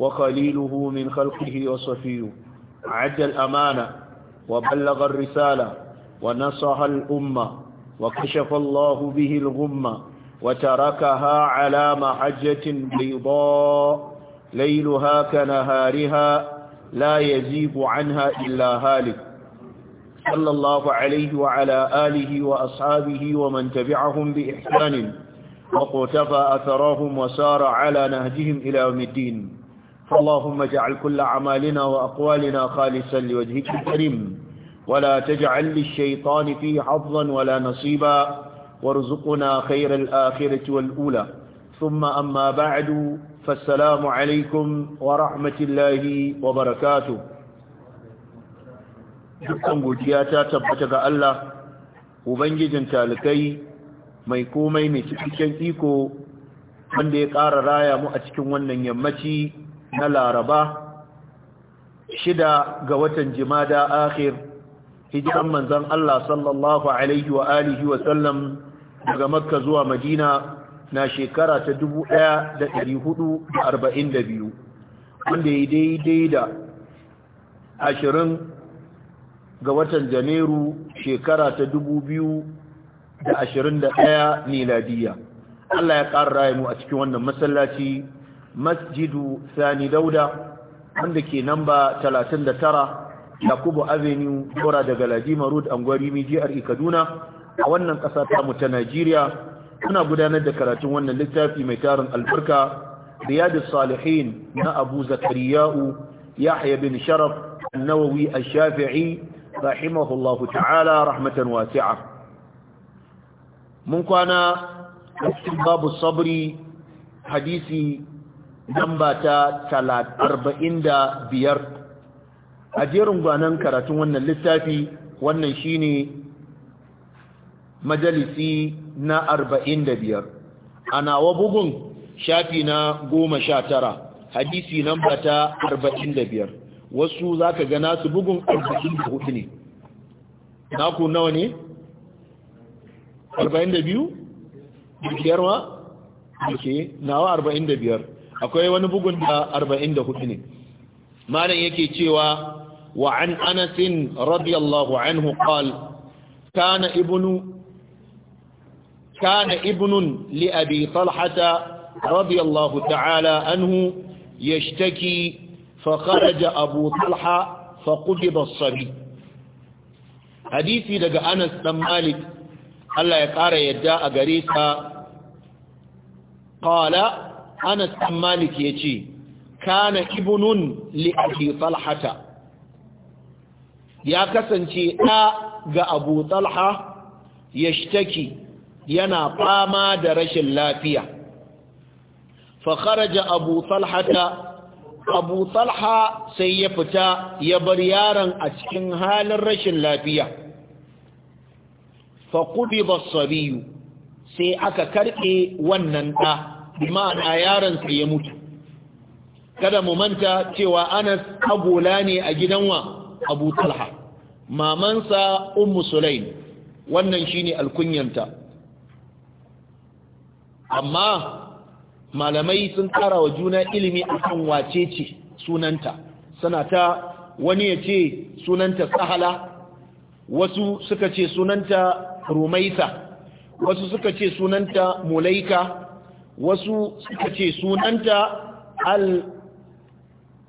وخليله من خلقه وصفيه عد الأمانة وبلغ الرسالة ونصح الأمة وكشف الله به الغمة وتركها على محجة بيضاء ليلها كنهارها لا يزيب عنها إلا هالك صلى الله عليه وعلى آله وأصحابه ومن تبعهم بإحسان وقتفى أثرهم وسار على نهجهم إلى يوم الدين اللهم اجعل كل اعمالنا وأقوالنا خالصا لوجهك الكريم ولا تجعل للشيطان فيه حظا ولا نصيبا وارزقنا خير الآخرة والأولى ثم أما بعد فالسلام عليكم ورحمة الله وبركاته dukkan godiya ta tabbata ga Allah ubangijin talikai mai komai mai cikakken iko wanda ya ƙara raya mu a cikin wannan yammaci na laraba shida ga watan jimada akhir hijiran manzon Allah sallallahu alaihi wa alihi wa sallam daga makka zuwa madina na shekara ta 1442 wanda ya daidai da 20 ga watan janairu shekara ta 2021 miladiya Allah ya ƙara mu a cikin wannan masallaci masjidu sani dauda wanda ke namba 39 yakubu avenue bora daga ladima road angwari mijiyar kaduna a wannan ƙasa ta mu ta najeriya muna gudanar da karatun wannan littafi mai tarin albarka riyadus salihin na abu zakariya'u yahya bin sharaf annawawi ash-shafi'i rahimahullahu ta'ala rahmatan wasi'a mun kwana babu sabri hadisi namba ta arba'in da biyar. a jerin gwanon karatun wannan littafi wannan shine majalisi na arba'in da biyar. a nawa bugun shafi na goma sha tara hadisi namba ta arba'in da biyar. wasu za ka gana su bugun da hudu ne naku nawa ne? Arba'in da biyu? ma? ake nawa biyar. akwai wani bugun da arba'in da hudu ne malam yake cewa wa an anasin radiyallahu anhu qal kana ibnu kana ibnun li abi talhata radiyallahu ta'ala anhu yashtaki فخرج fa طلحة فقبض الصبي hadisi daga Anas dan Malik Allah ya ƙara yadda a gare sa qala anas ɗan malik ya ce kana ibnun li abi talhata ya kasance ɗa ga abu talha ya shtaki yana fama da rashin lafiya fakharaja abu talhata abu talha sai ya fita ya bar yaron a cikin halin rashin lafiya ba basabiyu sai aka karɓe wannan ɗa ma'ana yaransa ya mutu kada mu manta cewa anas agola ne a gidan wa abu talha mamansa ummu sulaim wannan shine alkunyanta amma malamai sun kara wa juna ilimi akan wace ce sunanta suna ta wani ya ce sunanta sahala wasu suka ce sunanta rumaisa wasu suka ce sunanta mulaika wasu suka ce sunanta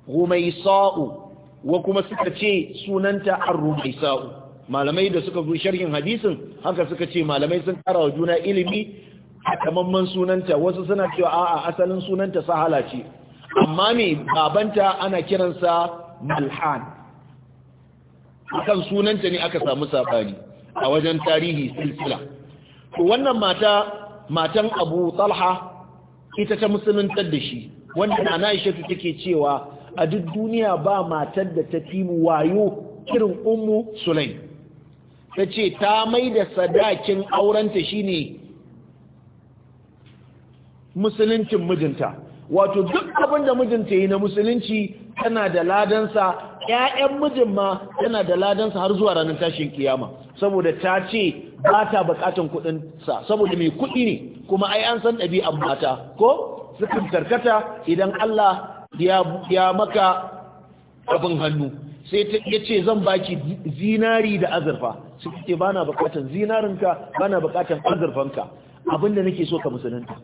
al-rumaisa'u wa kuma suka ce sunanta al-rumaisa'u malamai da suka zo sharhin hadisin haka suka ce malamai sun karawa juna ilimi a tamamman sunanta wasu suna cewa a asalin sunanta sahala ce amma me babanta ana kiransa malhan akan sunanta ne aka samu sabani a wajen tarihi silsila to wannan mata matan abu talha ita ta musuluntar da shi wanda na Aisha take cewa a duk duniya ba matar da ta fi mu wayo irin ummu Sulaim tace ta mai da sadakin aurenta shine musuluncin mijinta wato duk abin da mijinta yi na musulunci tana da ladansa 'ya'yan mijin ma tana da ladansa har zuwa ranar tashin kiyama saboda ta ce ba ta bukatan kuɗinsa saboda mai kuɗi ne kuma ai an san ɗabi'an mata ko sukan karkata idan Allah ya maka abin hannu sai ya ce zan baki zinari da azurfa su ce ba na bukatan zinarinka ba na bukatan azurfanka abinda nake so ka musulunta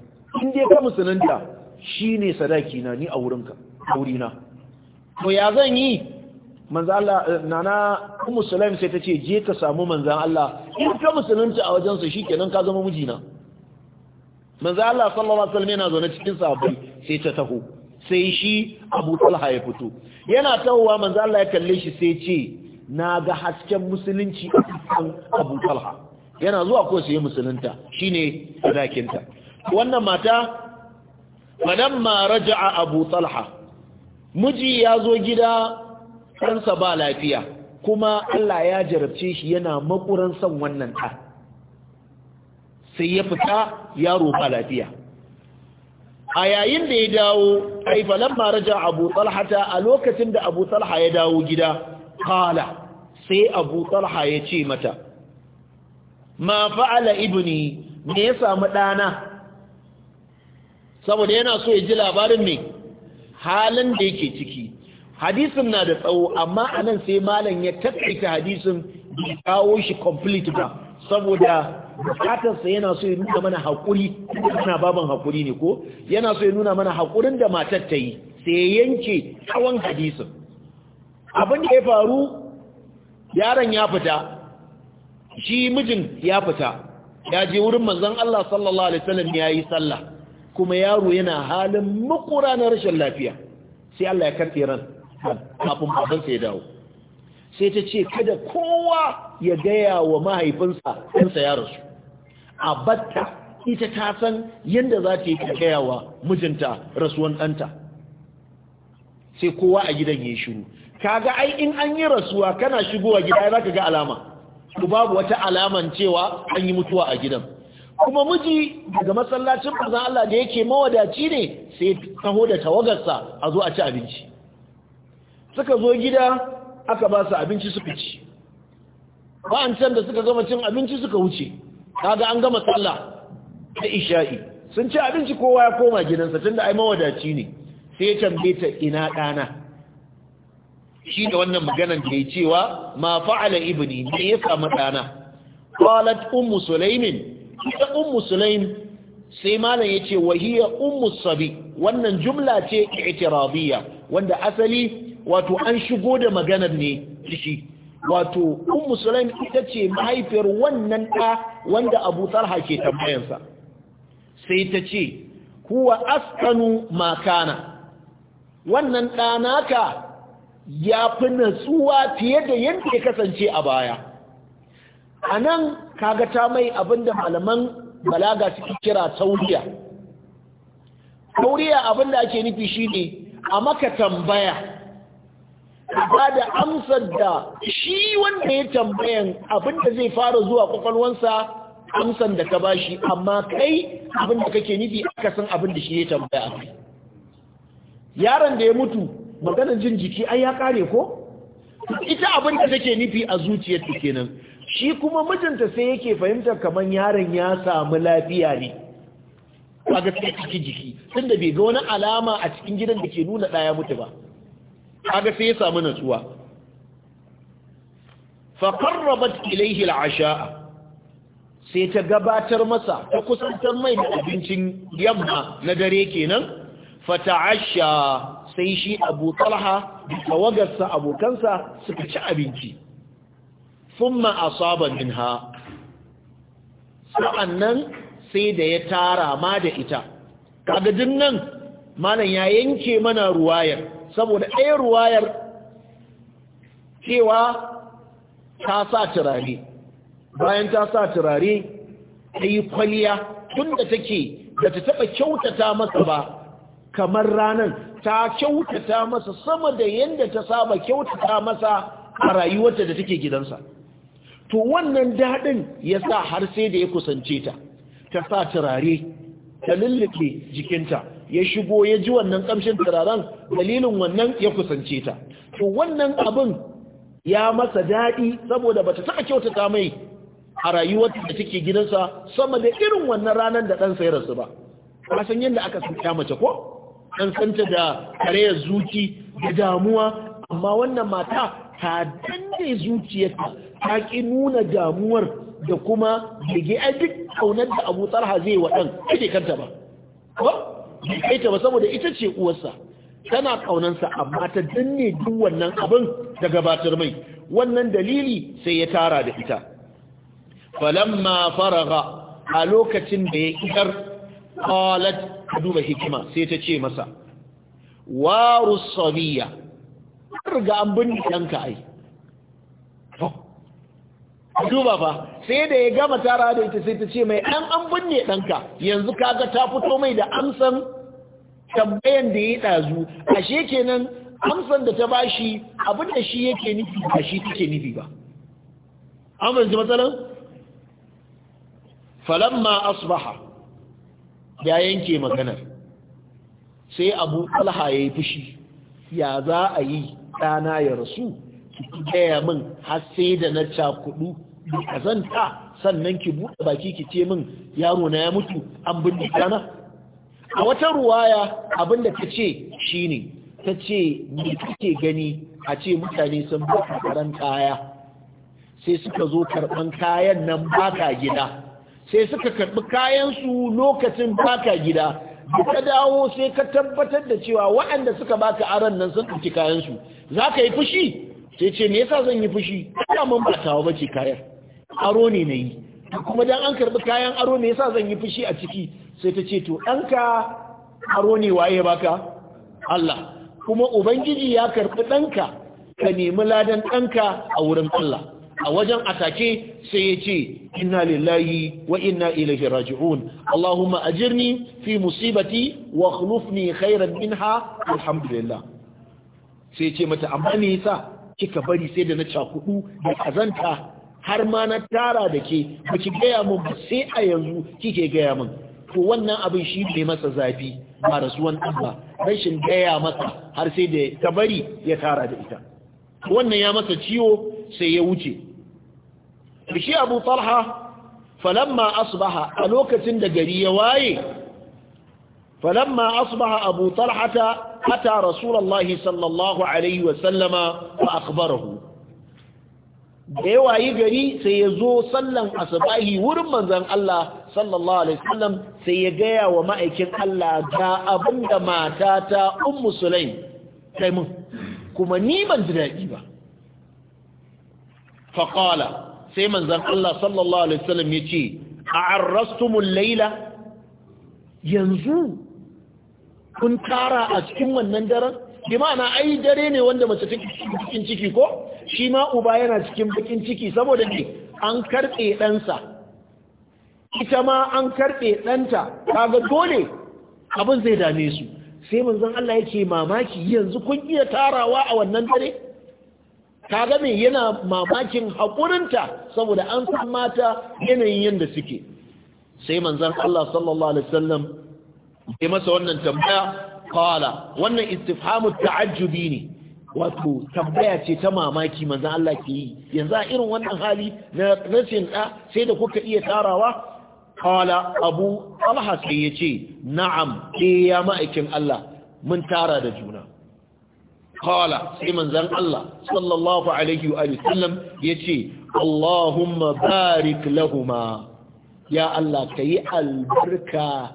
in dai ka musulunta shi ne sadaki na ni a wurinka a wurina to ya zan yi manzan Allah eh, nana Ummu Sulaim sai ta ce je ka samu manzan Allah in ka musulunci a wajen sa shikenan ka zama mijina manzan Allah sallallahu alaihi wasallam yana zaune cikin sahabbai sai ta taho sai shi Abu Talha ya fito yana tawowa manzan Allah ya kalle shi sai ce na ga hasken musulunci a cikin Abu Talha yana zuwa ko sai musulunta shine bakinta. wannan mata falamma raja'a Abu Talha miji ya zo gida ɗansa ba lafiya kuma Allah ya jarabce shi yana makuran son wannan ɗa sai ya fita yaro ba lafiya a yayin da ya dawo aifalan maraja abu talhata a lokacin da abu talha ya dawo gida kala sai abu talha ya ce mata ma fa'ala ibni me ya samu ɗana saboda yana so ya ji labarin ne halin da yake ciki hadisin na da tsawo amma anan sai malam ya takaita hadisin ya kawo shi complete ba saboda bukatarsa yana so ya nuna mana haƙuri yana baban haƙuri ne ko yana so ya nuna mana haƙurin da matar ta yi sai yanke tsawon hadisin abin da ya faru yaron ya fita shi mijin ya fita ya je wurin manzon Allah sallallahu alaihi wasallam ya yi sallah kuma yaro yana halin makura na rashin lafiya sai Allah ya karfe ran kafin babansa ya dawo sai ta ce kada kowa ya gaya wa mahaifinsa ɗansa ya rasu a batta ita ta san yadda za ta yi ka gaya wa mijinta rasuwan ɗanta sai kowa a gidan ya shiru kaga ai in an yi rasuwa kana shigowa gida za ka ga alama babu wata alaman cewa an yi mutuwa a gidan kuma miji daga masallacin manzon Allah da yake mawadaci ne sai taho da tawagarsa a zo a ci abinci suka zo gida aka ba su abinci suka ci ba'ancan da suka gama cin abinci suka wuce kaga an gama tsalla ta isha'i sun ci abinci kowa ya koma gidansa tunda ai mawadaci ne sai ya tambaye ta ina ɗana shi da wannan maganan da ya cewa ma fa'ala ibni ne ya samu ɗana qalat ummu sulaimin ita ummu sulaim sai malam ya yace wahiya ummu sabi wannan jumla ce i'tiradiyya wanda asali wato an shigo da maganar ne shi wato ummu musulmi ita ce mahaifiyar wannan ɗa wanda abu talha ke tambayansa sai ta ce kuwa askanu makana wannan ɗa naka ya fi natsuwa fiye da yadda ya kasance a baya a nan kaga ta mai abinda malaman balaga suke kira tauriya tauriya abinda ake nufi shi ne a maka tambaya ba da amsar da shi wanda ya tambayan abinda zai fara zuwa kwakwalwansa amsar da ka bashi amma kai abinda kake nufi aka san abinda shi ya tambaya a kai yaron da ya mutu maganar jin jiki ai ya kare ko ita abinda take nufi a zuciyar ta kenan shi kuma mijinta sai yake fahimtar kamar yaron ya samu lafiya ne a gaskiya ciki jiki tunda bai ga wani alama a cikin gidan da ke nuna ɗaya mutu ba kaga sai ya samu natsuwa fa qarrabat ilayhi al'asha'a sai ta gabatar masa ta kusantar mai da abincin yamma na dare kenan fa ta'asha sai shi Abu Talha da tawagarsa abokansa suka ci abinci thumma asaba minha sa'annan sai da ya tara ma da ita kaga dinnan malam ya yanke mana ruwayar saboda ɗaya ruwayar cewa ta sa turare bayan ta sa turare ta yi kwaliya tun da take da ta taɓa kyautata masa ba kamar ranar ta kyautata masa sama da yadda ta saba kyautata masa a rayuwarta da take gidansa to wannan daɗin ya sa har sai da ya kusance ta ta sa turare ta lullufe jikinta ya shigo ya ji wannan kamshin turaren dalilin wannan ya kusance ta to wannan abin ya masa daɗi saboda bata taɓa kyautata mai a rayuwar da take gidansa sama da irin wannan ranar da ɗansa ya rasu ba ka san yadda aka san mace ko an santa da kareyar zuci da damuwa amma wannan mata ta danne zuciyarta ta ƙi nuna damuwar da kuma bege a duk kaunar da abu tsarha zai wa ɗan ake kanta ba bai ba saboda ita ce uwarsa tana kaunansa amma ta danne duk wannan abin da gabatar mai wannan dalili sai ya tara da ita falamma faraga a lokacin da ya idar qalat duba hikima sai ta ce masa waru sabiya riga an binne danka ai duba fa sai da ya gama tara da ita sai ta ce mai ɗan an binne ɗanka yanzu kaga ta fito mai da amsan tambayan da ya ɗazu ashe kenan amsan da ta bashi abin da shi yake nufi ba shi take nufi ba amma yanzu matsalan falamma asbaha ya yanke maganar sai abu talha ya yi fushi ya za a yi ɗana ya rasu ki ɗaya min har sai da na cakudu da kazanta sannan ki buɗe baki ki ce min yaro na ya mutu an binne kana a wata ruwaya abinda ta ce shine ta ce ni kake gani a ce mutane sun baka karan kaya sai suka zo karɓan kayan nan baka gida sai suka karɓi kayansu lokacin baka gida da ka dawo sai ka tabbatar da cewa waɗanda suka baka aron nan sun ɗauki kayansu za ka yi fushi sai ce me yasa zan yi fushi ba mun ba tawa kayan aro ne na yi kuma dan an karɓi kayan aro me yasa zan yi fushi a ciki sai ta ce to ɗanka aro ne waye baka Allah kuma ubangiji ya karɓi ɗanka ka nemi ladan ɗanka a wurin Allah a wajen atake sai ya ce inna lillahi wa inna ilaihi raji'un Allahumma ajirni fi musibati wa khulufni khairan minha alhamdulillah sai ya ce mata amma me yasa kika bari sai da na cakudu da kazanta har ma na tara da ke ba ki gaya min ba sai a yanzu kike gaya min to wannan abin shi bai masa zafi ba rasuwan ɗan ba rashin gaya masa har sai da ta bari ya tara da ita wannan ya masa ciwo sai ya wuce shi abu talha falamma asbaha a lokacin da gari ya waye falamma asbaha abu talhata ata rasulullahi sallallahu alaihi wa sallama fa akhbarahu da ya wayi gari sai ya zo sallan asubahi wurin manzan Allah sallallahu alaihi wasallam sai ya gaya wa ma'aikin Allah ga abinda matata ummu sulaim kai mun kuma ni ban ji daɗi ba faƙala sai manzan Allah sallallahu alaihi wasallam ya ce a'arrastumul laila yanzu kun tara a cikin wannan daren bi ma'ana ai dare ne wanda mace take cikin ciki ko shi ma uba yana cikin bakin ciki saboda ne an karbe ɗansa ita ma an karbe ɗanta kaga dole abin zai dame su sai manzon Allah yake mamaki yanzu kun iya tarawa a wannan dare kaga me yana mamakin haƙurinta saboda an san mata yanayin yanda suke sai manzon Allah sallallahu alaihi wasallam ya masa wannan tambaya qala wannan istifhamu ta'ajjubi ne wato tambaya ce ta mamaki manzan Allah ke yi yanzu a irin wannan hali na rashin da sai da kuka iya tarawa qala abu talha sai yace na'am eh ya ma'aikin Allah mun tara da juna qala sai manzon Allah sallallahu alaihi wa sallam yace Allahumma barik lahuma ya Allah ka yi albarka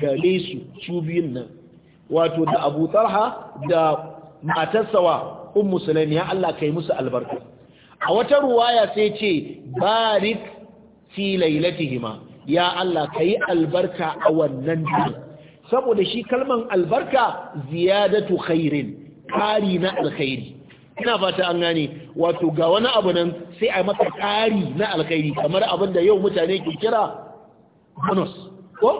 gare su su biyun nan wato da abu talha da matarsa wa ummu ya Allah kai musu albarka a wata ruwaya sai ce barik fi lailatihima ya Allah kai albarka a wannan dare saboda shi kalman albarka ziyadatu khairin kari na alkhairi ina fata an gane wato ga wani abu nan sai a maka kari na alkhairi kamar abin da yau mutane ke kira bonus ko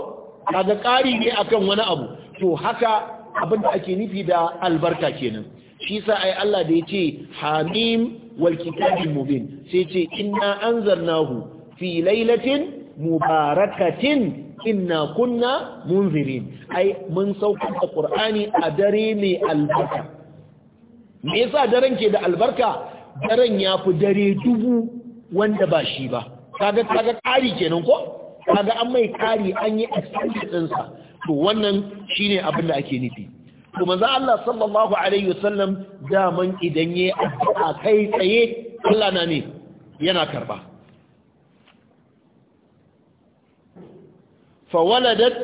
kaga kari ne akan wani abu to haka abin da ake nufi da albarka kenan shi sa ai Allah da yace hamim wal kitabil mubin sai yace inna anzalnahu fi lailatin mubarakatin inna kunna munzirin ai mun saukar da qur'ani a dare mai albarka me yasa daren ke da albarka daren yafi dare dubu wanda ba shi ba kaga kaga kari kenan ko kaga an mai kari an yi extension ɗinsa to wannan shine abin da ake nufi to manzo Allah sallallahu alaihi wasallam daman idan yayi addu'a kai tsaye Allah na ne yana karba fa waladat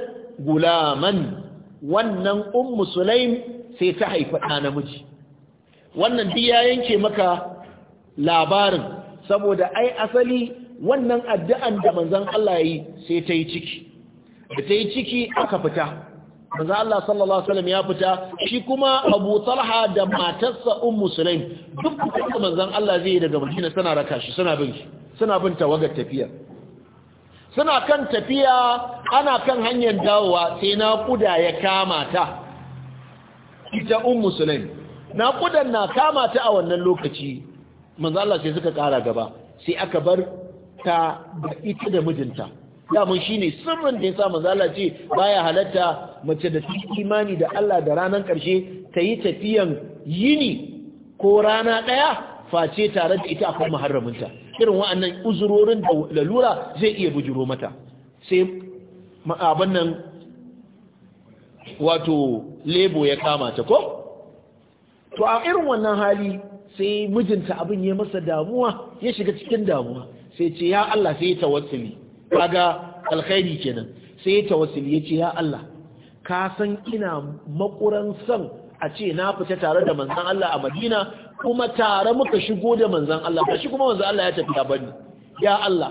gulaman wannan ummu sulaim sai ta haifi ɗa namiji wannan duk ya yanke maka labarin saboda ai asali wannan addu'an da manzon Allah yi sai ta yi ciki da ta yi ciki aka fita manzo Allah sallallahu alaihi wasallam ya fita shi kuma Abu Talha da matarsa Ummu Sulaim duk kuma manzon Allah zai daga Madina suna raka shi suna bin suna bin tawagar tafiya suna kan tafiya ana kan hanyar dawowa sai na kuda ya kama ta ita Ummu Sulaim na kudan na kama ta a wannan lokaci manzo Allah sai suka kara gaba sai aka bar ta da ita da mijinta damun shi ne sirrin da ya sa mazala ce baya halatta mace da ta imani da Allah da ranar ƙarshe ta yi tafiyan yini ko rana ɗaya face tare da ita akwai muharraminta irin wa'annan uzurorin da lalura zai iya bujuro mata sai abin nan wato lebo ya kama ta ko? to a irin wannan hali sai mijinta abin ya masa damuwa ya shiga cikin damuwa sai ce ya Allah sai ya tawassuli kaga alkhairi kenan sai ya tawassul ya ce ya Allah ka san ina makuran son a ce na fita tare da manzan Allah a Madina kuma tare muka shigo da manzan Allah ba shi kuma manzan Allah ya tafi ya bani ya Allah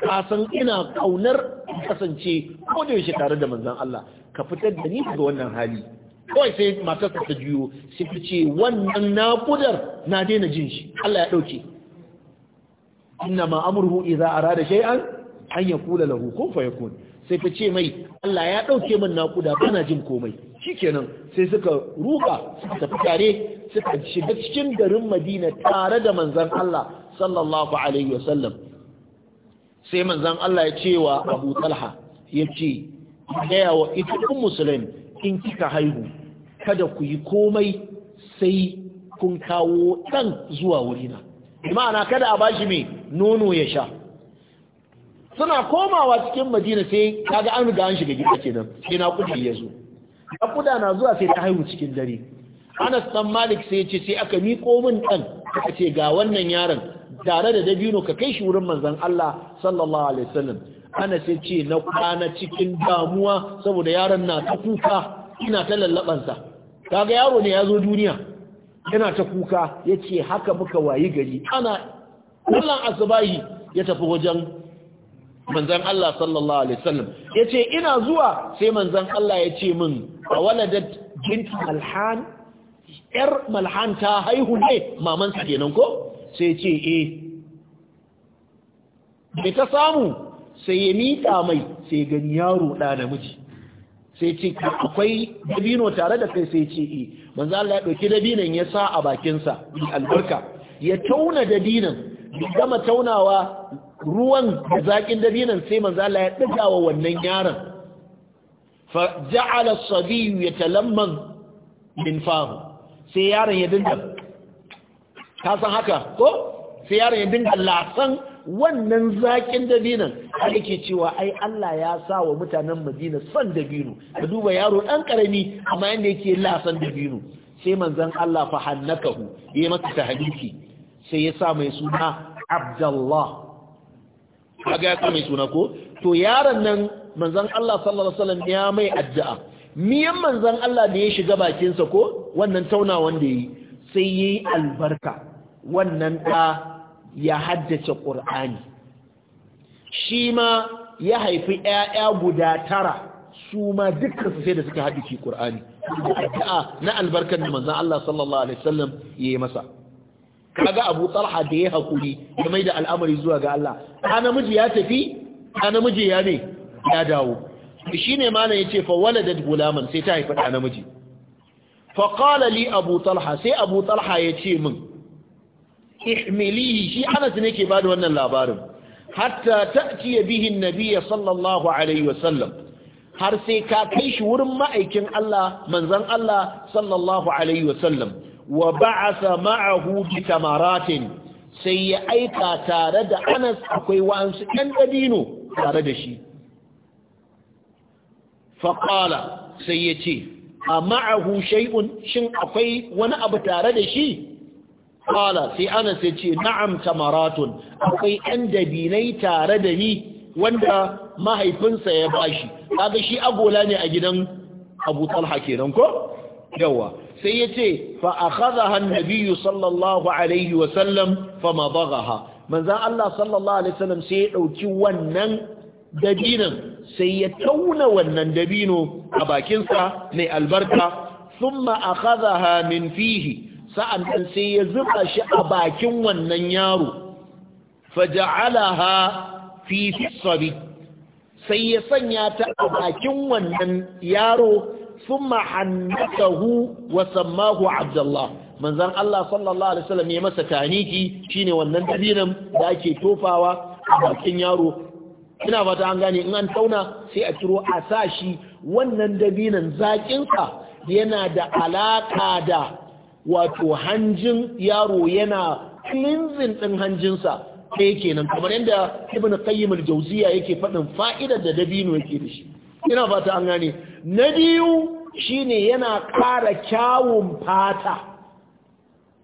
ka san ina kaunar kasance ko da tare da manzan Allah ka fitar da ni daga wannan hali kawai sai matar ta juyo sai ta ce wannan naƙudar na daina jin shi Allah ya ɗauke inna ma amurhu idza arada shay'an an ya kula lahu ko fa yakun sai ta ce mai Allah ya dauke min nakuda bana jin komai shikenan sai suka ruka suka tafi tare suka shiga cikin garin Madina tare da manzon Allah sallallahu alaihi wasallam sai manzon Allah ya ce wa Abu Talha ya ce gaya wa ita ɗin musulmi in kika haihu kada ku yi komai sai kun kawo ɗan zuwa wurina ana kada a bashi mai nono ya sha suna komawa cikin madina sai kaga an riga an shiga gida kenan sai na kudi ya zo na kuda na zuwa sai ta haihu cikin dare anas dan malik sai ce sai aka miƙo min ɗan, aka ce ga wannan yaron tare da dabino ka kai shi wurin manzon Allah sallallahu alaihi wasallam anas sai ce na kwana cikin damuwa saboda yaron na ta kuka ina ta lallabansa kaga yaro ne ya zo duniya yana ta kuka yace haka muka wayi gari ana kullan asubahi ya tafi wajen manzan Allah sallallahu alaihi wasallam yace ina zuwa sai manzan Allah ya ce min a waladat bint malhan yar malhan ta haihu ne maman kenan ko sai ce eh bai ta samu sai ya mika mai sai gani yaro da namiji sai ce akwai dabino tare da kai sai ce eh manzan Allah ya ɗauki dabinan ya sa a bakinsa. sa albarka ya tauna dabinan gama taunawa ruwan da zaƙin dabinan sai manzo Allah ya ɗiga wa wannan yaron fa ja'ala as-sabiy yatalamman min fahu sai yaron ya dinga ka san haka ko sai yaron ya dinga lasan wannan zaƙin dabinan har yake cewa ai Allah ya sa wa mutanen Madina son dabino ka duba yaro ɗan ƙarami amma yanda yake lasan dabino sai manzon Allah fa hannakahu yayi masa tahdiki sai ya sa mai suna abdallah kaga ya mai suna ko to yaron nan manzon Allah sallallahu alaihi wasallam ya mai addu'a miyan manzon Allah da ya shiga bakin sa ko wannan tauna wanda yi sai yi albarka wannan da ya haddace ƙur'ani shi ma ya haifi 'ya'ya guda tara su ma dukkan su sai da suka haddace Qur'ani addu'a na albarkar da manzon Allah sallallahu alaihi wasallam yayi masa kaga abu talha da ya hakuri ya mai da al'amari zuwa ga Allah ɗa namiji ya tafi ɗa namiji ya ne ya dawo shi ne malam ya ce fa gulaman sai ta haifi ɗa namiji fa li abu talha sai abu talha ya ce min ihmilihi shi anas ne ke bada wannan labarin hatta ta'ti bihi bihin Nabiya sallallahu alaihi wasallam har sai ka kai shi wurin ma'aikin Allah manzon Allah sallallahu alaihi wasallam wa ba'asa ma'ahu bi tamaratin sai ya aika tare da Anas akwai wa'ansu ɗan dabino tare da shi qala sai ya ce a ma'ahu shay'un shin akwai wani abu tare da shi qala sai Anas ya ce na'am tamaratun akwai ɗan dabinai tare da ni wanda mahaifinsa ya bashi kaga shi agola ne a gidan Abu Talha kenan ko yawa sai ya ce fa akhadha an-nabiy sallallahu alaihi wa sallam fa madaghaha manzon Allah sallallahu alaihi wasallam sai ya ɗauki wannan dabinan sai ya tauna wannan dabino a bakinsa mai albarka thumma ha min fihi sa'an dan sai ya zuba shi a bakin wannan yaro fi sai ya sanya ta a bakin wannan yaro thumma hannakahu wa sammahu abdullah manzon Allah sallallahu alaihi wasallam ya masa taniki shine wannan dabinan da ake tofawa a bakin yaro ina fata an gane in an tauna sai a ciro a shi. wannan dabinan zaƙinsa yana da alaƙa da wato hanjin yaro yana cleansing ɗin hanjinsa yake kenan kamar yadda ibn qayyim al-jawziya yake faɗin fa'idar da dabino yake da shi ina fata an gane na biyu shine yana ƙara kyawun fata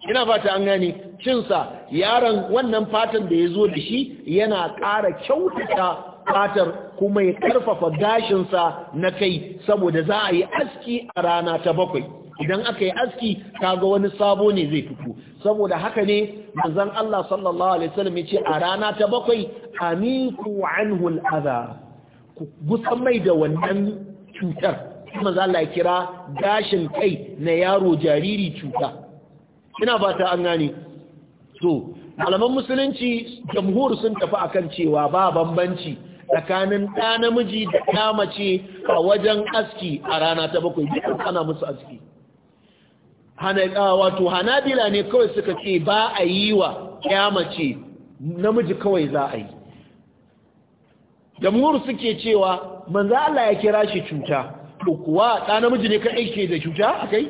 ina fata an gane cinsa yaron wannan fatan da ya zo da shi yana ƙara kyautata fatar kuma ya ƙarfafa gashinsa na kai saboda za a yi aski a rana ta bakwai idan aka yi aski kaga wani sabo ne zai fito saboda haka ne manzon Allah sallallahu alaihi wasallam ya ce a rana ta bakwai amiku anhu al-adha ku mai da wannan cutar kuma za la kira gashin kai na yaro jariri cuta ina fata an gane to malaman musulunci jamhur sun tafi akan cewa ba bambanci tsakanin ɗa namiji da ɗa mace a wajen aski a rana ta bakwai duk ana musu aski wato hanabila ne kawai suka ce ba a yi wa ya namiji kawai za a yi jamhur suke cewa manzo Allah ya kira shi cuta to kuwa da namiji ne ka aike da cuta akai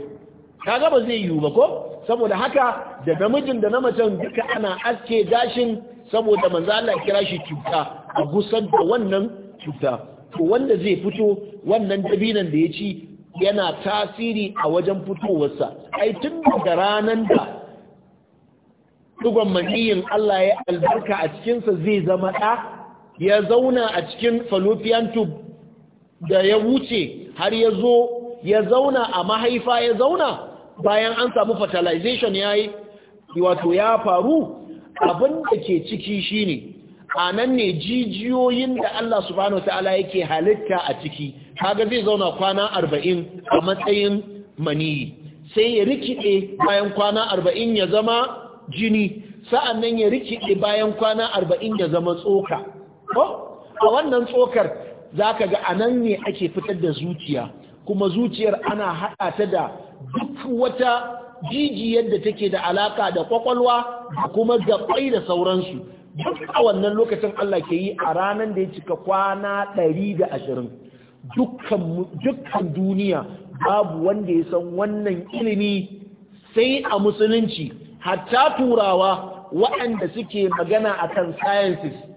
kaga ba zai yiwu ba ko saboda haka da namijin da na macen duka ana aske gashin saboda manzo Allah ya kira shi cuta a gusar da wannan cuta to wanda zai fito wannan dabinan da ya ci yana tasiri a wajen fitowarsa ai tun daga ranan da dugon maniyin Allah ya albarka a cikinsa zai zama ɗa ya zauna a cikin fallopian tube da ya wuce har ya zo ya zauna a mahaifa ya zauna bayan an samu fertilization ya yi wato ya faru abin da ke ciki shine a nan ne jijiyoyin da Allah subhanahu wa ta'ala yake halitta a ciki kaga zai zauna kwana arba'in a matsayin maniyi sai ya rikide bayan kwana arba'in ya zama jini sa'an nan ya rikide bayan kwana arba'in ya zama tsoka ko a wannan tsokar za ka ga anan ne ake fitar da zuciya kuma zuciyar ana haɗa ta da duk wata jijiyar da take da alaka da kwakwalwa da kuma gabai da sauransu duk a wannan lokacin Allah ke yi a ranar da ya cika kwana ɗari da ashirin dukkan duniya babu wanda ya san wannan ilimi sai a musulunci hatta turawa waɗanda suke magana akan sciences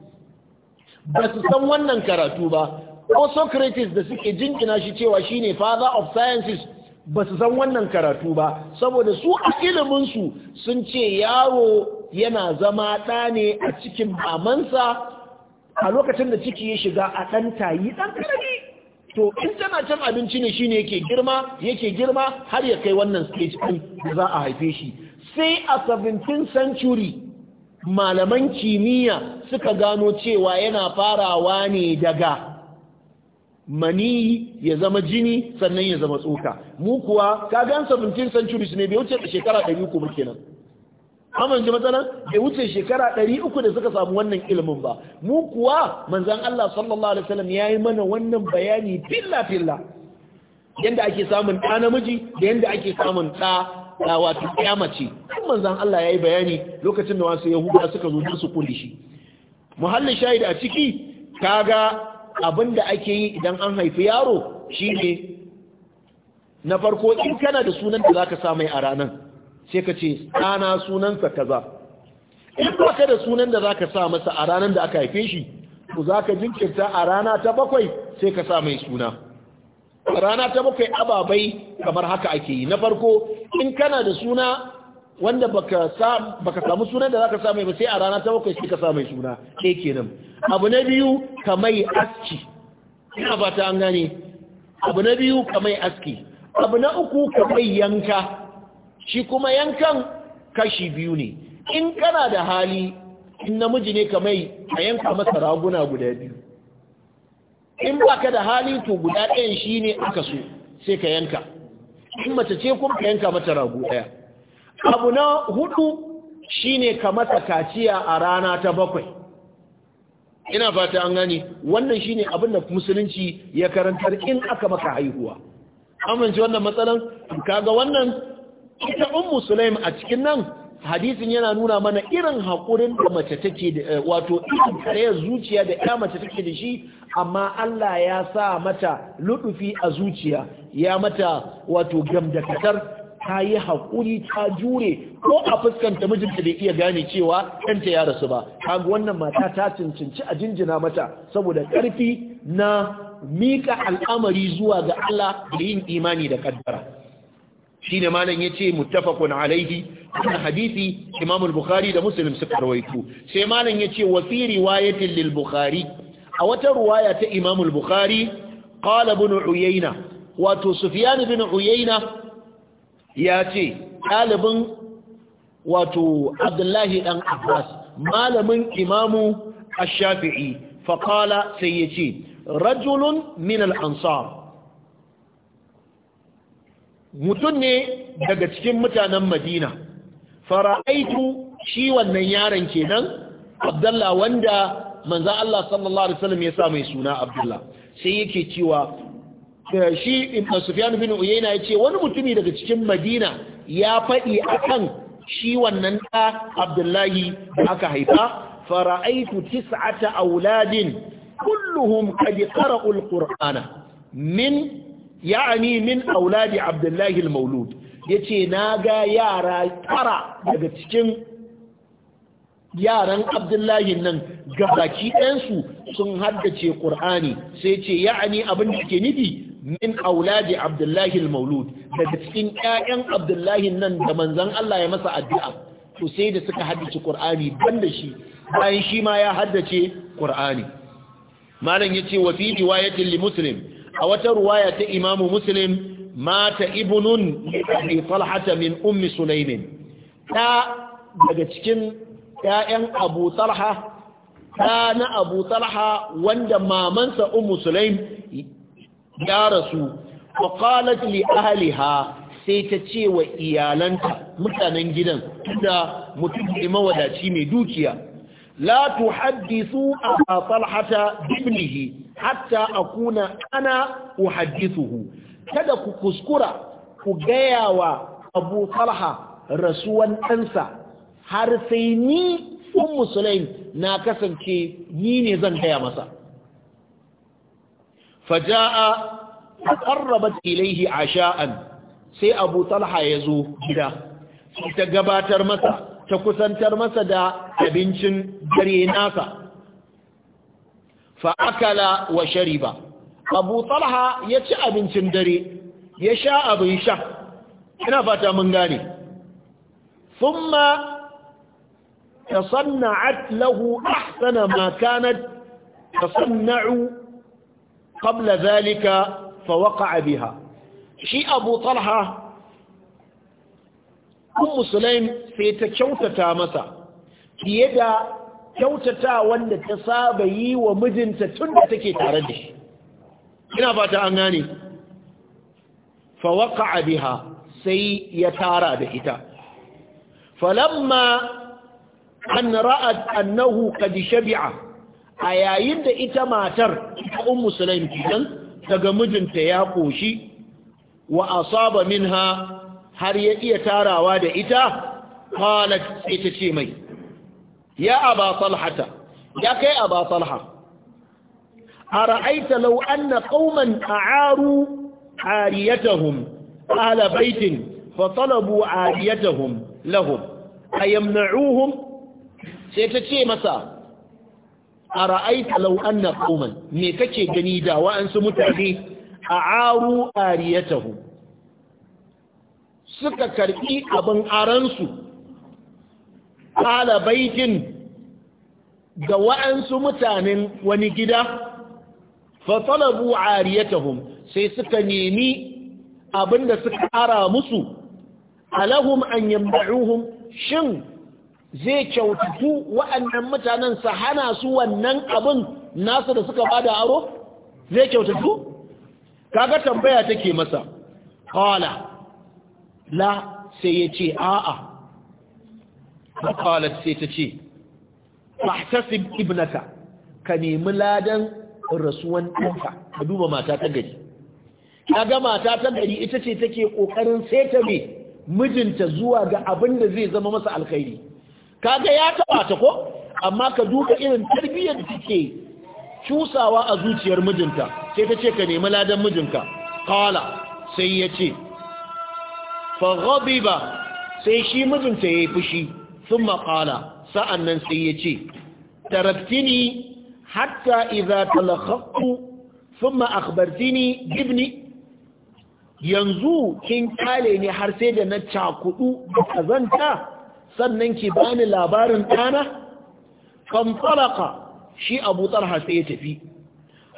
ba su san wannan karatu ba ko socrates da suke jinkina shi cewa shine father of sciences ba su san wannan karatu ba saboda su a iliminsu sun ce yaro yana zama ɗa ne a cikin mamansa a lokacin da ciki ya shiga a ɗan tayi ɗan ƙarfi to in tana can abinci ne shine yake girma yake girma har ya kai wannan stage ɗin da za a haife shi sai a 17th century malaman kimiyya suka gano cewa yana farawa ne daga mani ya zama jini sannan ya zama tsoka mu kuwa kagan 17 centuries ne bai wuce shekara 100 kuma kenan amma ji matsala bai wuce shekara 300 da suka samu wannan ilimin ba mu kuwa manzon Allah sallallahu alaihi wasallam yayi mana wannan bayani filla filla yanda ake samun ɗa namiji da yanda ake samun ɗa a wato kyamace kan manzan Allah ya yi bayani lokacin da wasu yahuda suka zo don su kulle shi muhallin shahid a ciki kaga abin da ake yi idan an haifi yaro shine na farko in kana da sunan da zaka sa mai a ranan sai ka ce ɗana sunansa kaza in ka da sunan da zaka sa masa a ranan da aka haife shi to zaka jinkirta a rana ta bakwai sai ka sa mai suna rana ta bakwai ababai kamar haka ake yi na farko in kana da suna wanda baka samu sunan da zaka samu ba sai a rana ta bakwai sai ka samu suna ke kenan abu na biyu kamai aski ina fata an gane abu na biyu kamai aski abu na uku kamai yanka shi kuma yankan kashi biyu ne in kana da hali in namiji ne kamai a yanka masa raguna guda biyu in ba ka da hali to guda ɗayan shi ne aka so sai ka yanka in mace ce kuma ka yanka mata ragu ɗaya abu na hudu shi ne ka masa kaciya a rana ta bakwai ina fata an gani wannan shi ne abin da musulunci ya karantar in aka maka haihuwa amince wannan matsalan kaga wannan ita un musulaim a cikin nan hadisin yana nuna mana irin haƙurin da mace take da eh, wato irin kare zuciya da ya mace take da shi amma Allah ya sa mata luɗufi a zuciya ya mata wato gamdakatar ta yi haƙuri ta jure ko a fuskanta mijinta bai iya gane cewa 'yanta ya rasu ba kaga wannan mata ta cincinci a jinjina mata saboda ƙarfi na miƙa al'amari zuwa ga Allah da yin imani da kaddara shi ne malam ya ce muttafaqun alaihi wannan hadisi imam al-bukhari da muslim suka rawaito sai malam ya ce wa fi riwayatin lil-bukhari a wata ruwaya ta Imam al-Bukhari qala ibn Uyayna wato Sufyan ibn Uyayna ya ce ɗalibin wato Abdullahi dan Abbas malamin Imamu Ashafi'i, shafii fa qala sai yace rajulun min al-ansar mutum ne daga cikin mutanen Madina fara'aitu shi wannan yaron kenan Abdullah wanda manzan Allah sallallahu alaihi wasallam ya sa mai suna Abdullah sai yake cewa eh, shi Sufyan bin Uyayna yace wani mutumi daga cikin Madina ya faɗi akan shi wannan da Abdullahi da aka haifa fara'aitu tis'ata auladin kulluhum qad qara'u al min ya'ani min auladi Abdullahi al-Maulud yace ga yara tara daga cikin yaran abdullahi nan gabaki ɗansu sun haddace ƙur'ani sai ce ya'ani abin da ke nufi min auladi abdullahi maulud daga cikin ƴaƴan abdullahi nan da manzon Allah ya masa addu'a to sai da suka haddace ƙur'ani ban da shi bayan shi ma ya haddace ƙur'ani malam yace wa fi riwayatin li muslim a wata riwaya ta imamu muslim mata ibnun abi talhata min ummi sulaimin ta daga cikin ‘ya'yan abu talha ta na abu talha wanda mamansa umu sulaim ya rasu wa qalat li ahliha sai ta ce wa iyalanta mutanen gidan da mutum ne mawadaci mai dukiya la tuhaddisu a talhata biblihi hatta akuna ana uhaddithuhu kada ku kuskura ku gaya wa abu talha rasuwan ɗansa har sai ni ummu sulaim na kasance ni ne zan gaya masa faja'a taqarrabat a sha'an, sai Abu Talha ya zo gida ta gabatar masa ta kusantar masa da abincin dare nasa fa akala wa shariba Abu Talha ya ci abincin dare ya sha abin sha ina fata mun gane thumma تصنعت له أحسن ما كانت تصنع قبل ذلك فوقع بها شيء أبو طلحة أم سليم سيتكوتة مسا كيدا kyautata wanda ta saba yi wa mijinta tun da take tare da shi ina fata an gane fa biha sai ya tara da ita falamma an ra'ad annahu qad shabi'a a yayin da ita matar ta ummu sulaim kenan daga mijinta ya koshi wa asaba minha har ya iya tarawa da ita qalat ita ce mai ya aba salhata ya kai aba talha ara'aita law anna qauman a'aru ariyatahum ala baitin fatalabu ariyatahum lahum ayamna'uhum sai ta ce masa a ra'aita lau na ƙoman me kake gani da wa'ansu mutane a a'aru ariyatahu suka karbi abin aransu ƙala baikin da wa'ansu mutanen wani gida fa talabu sai suka nemi abin da suka ara musu alahum an yamda'uhum shin zai kyautatu wa'annan mutanen su hana su wannan abin nasu da suka bada aro zai kyautatu kaga tambaya take masa qala la sai ya ce a'a Kala sai ta ce. tace fahtasib ibnaka ka nemi ladan rasuwan ɗanka ka duba mata ta gari kaga mata ta gari ita ce take kokarin ta me mijinta zuwa ga abin da zai zama masa alkhairi kaga ya taba ta ko amma ka duka irin tarbiyyar da take cusawa a zuciyar mijinta sai ta ce ka nemi ladan mijinka kala sai ya ce fa ghadiba sai shi mijinta yayi fushi thumma qala sa'annan sai ya ce taraktini hatta idza talakhaqtu thumma akhbartini ibni yanzu kin kale ni har sai da na cakudu da kazanta sannan ki bani labarin ɗana fanfaraka shi abu talha sai ya tafi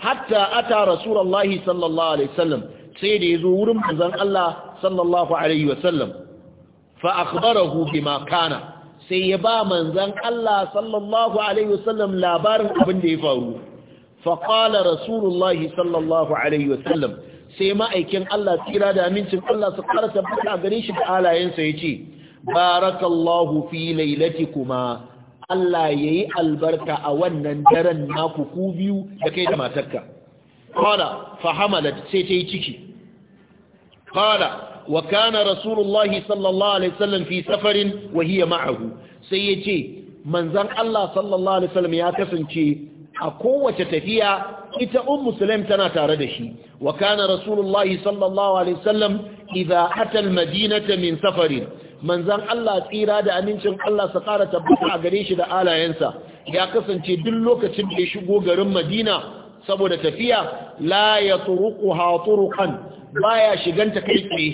hatta ata rasulullahi sallallahu alaihi wasallam sai da yazo wurin manzon Allah sallallahu alaihi wasallam fa akhbarahu bima kana sai ya ba manzon Allah sallallahu alaihi wasallam labarin abin da ya faru fa qala rasulullahi sallallahu alaihi wasallam sai ma'aikin Allah tsira da amincin Allah su karanta baka gare shi da alayensa yace barakallahu fi kuma Allah yayi albarka a wannan daren naku ku biyu da kai da matarka qala fa sai ta yi ciki qala wa kana rasulullahi sallallahu alaihi sallam fi safarin wa ma'ahu sai yace manzon Allah sallallahu alaihi sallam ya kasance a kowace tafiya ita Un musulun tana tare da shi wa kana rasulullahi sallallahu alaihi wasallam idza ata madinata min safarin manzan Allah tsira da amincin Allah su ƙara tabbata a gare shi da alayensa ya kasance duk lokacin da ya shigo garin Madina saboda tafiya la ya turuku ha turukan ya shiganta kai tsaye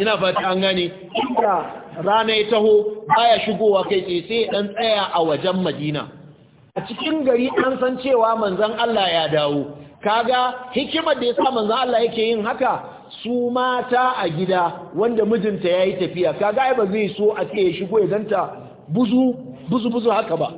ina fata an gane inda rana ya taho ya shigowa kai tsaye sai dan tsaya a wajen Madina a cikin gari an san cewa manzan Allah ya dawo kaga hikimar da ya sa manzo Allah yake yin haka su mata a gida wanda mijinta ya yi tafiya kaga ai ba zai so a ce ya shigo ya ta buzu buzu buzu haka ba